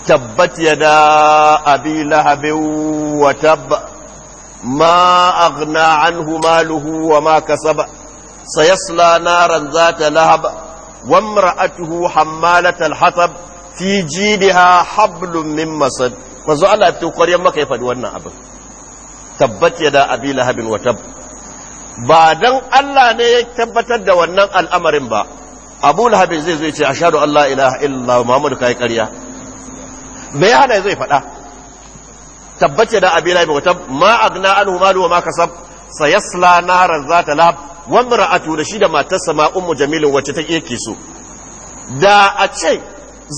tabbat yada abi lahab wa tab ma aghna anhu maluhu wa ma kasaba sayasla naran zata lahab wa imra'atuhu hammalatal hatab fi jidha hablum min masad manzo Allah ya fito ƙwaryar maka ya faɗi wannan abin tabbat ya da abi lahabin wa tab ba dan Allah ne ya tabbatar da wannan al'amarin ba abu lahabin zai zo ya ce ashhadu an la ilaha illallah muhammadu kai ƙarya me ya hada zai faɗa tabbat ya da abi lahabin wa tab ma agna anhu malu wa ma kasab sayasla naran zata lab wa mar'atu da shi da matarsa ma ummu jamilin wacce take yake so da a ce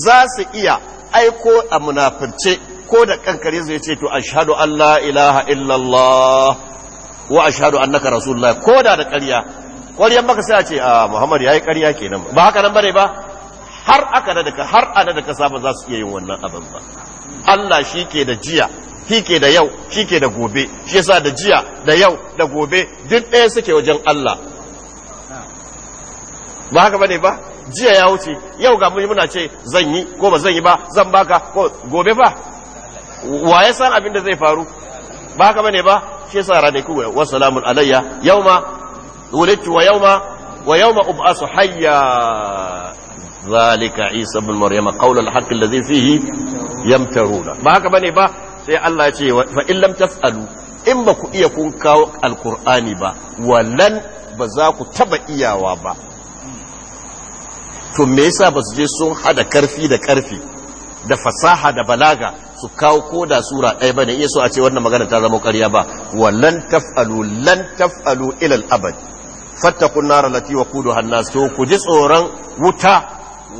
za su iya aiko a munafirce ko da kankare zai ce to ashhadu an la ilaha illallah wa ashhadu annaka rasulullah ko da da ƙarya ƙwaryan maka sai a ce a ah, muhammad yayi ƙarya kenan ba haka nan bane ba har aka da ka har ana da ka saba za su iya yin wannan abin ba Allah shi ke da jiya shi ke da yau shi ke da gobe shi yasa da jiya da yau da gobe duk ɗaya suke wajen Allah ba haka bane ba jiya ya wuce yau ga muna ce zan yi ko ba zan yi ba zan baka ko gobe ba wa ya san abin da zai faru ba ka bane ba shi yasa radaiku wa salamun alayya yauma wulidtu wa yauma wa yauma ub'asu hayya zalika isa ibn maryama qawl al-haqq alladhi fihi yamtaruna ba ka bane ba sai Allah ya ce fa in lam taf'alu in ba ku iya kun kawo alqur'ani ba wallan ba za ku taba iyawa ba to me yasa ba su je sun hada karfi da karfi da fasaha da balaga su kawo ko da sura ɗaya ba bane iya so a ce wannan magana ta zama ƙarya ba wallan taf'alu lan taf'alu ilal abad fattakun kunna lati wa kudu nas to ku ji tsoron wuta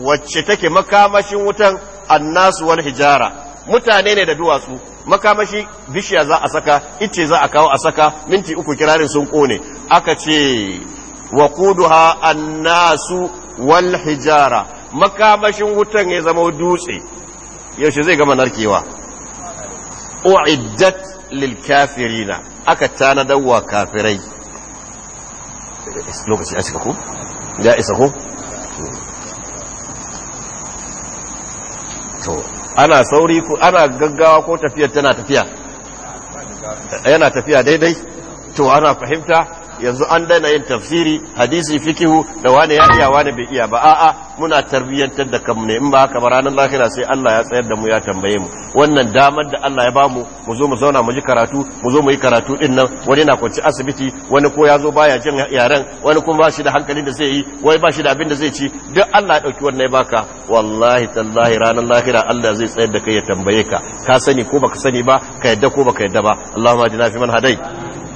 wacce take makamashin wutan annasu wal hijara mutane ne da duwatsu makamashi bishiya za a saka ice za a kawo a saka minti uku kirarin sun kone aka ce wa ha annasu wal hijara makamashin wutan ya zama dutse yaushe zai gama narkewa u'iddat lil kafirina aka tana dawwa kafirai lokaci a cika ku ya isa ku to ana sauri ko ana gaggawa ko tafiyar tana tafiya yana tafiya daidai to ana fahimta yanzu an daina yin tafsiri hadisi fikihu da wani ya iya wani bai iya ba a'a muna tarbiyyantar da kanmu ne in ba haka ba ranar lahira sai Allah ya tsayar da mu ya tambaye mu wannan damar da Allah ya bamu mu zo mu zauna mu ji karatu mu zo mu yi karatu din nan wani na kwanci asibiti wani ko ya zo baya jin yaren wani kuma ba shi da hankali da zai yi wai ba shi da abin da zai ci duk Allah ya dauki wannan ya baka wallahi tallahi ranar lahira Allah zai tsayar da kai ya tambaye ka ka sani ko baka sani ba ka yadda ko baka yadda ba Allahumma jina fi man hadai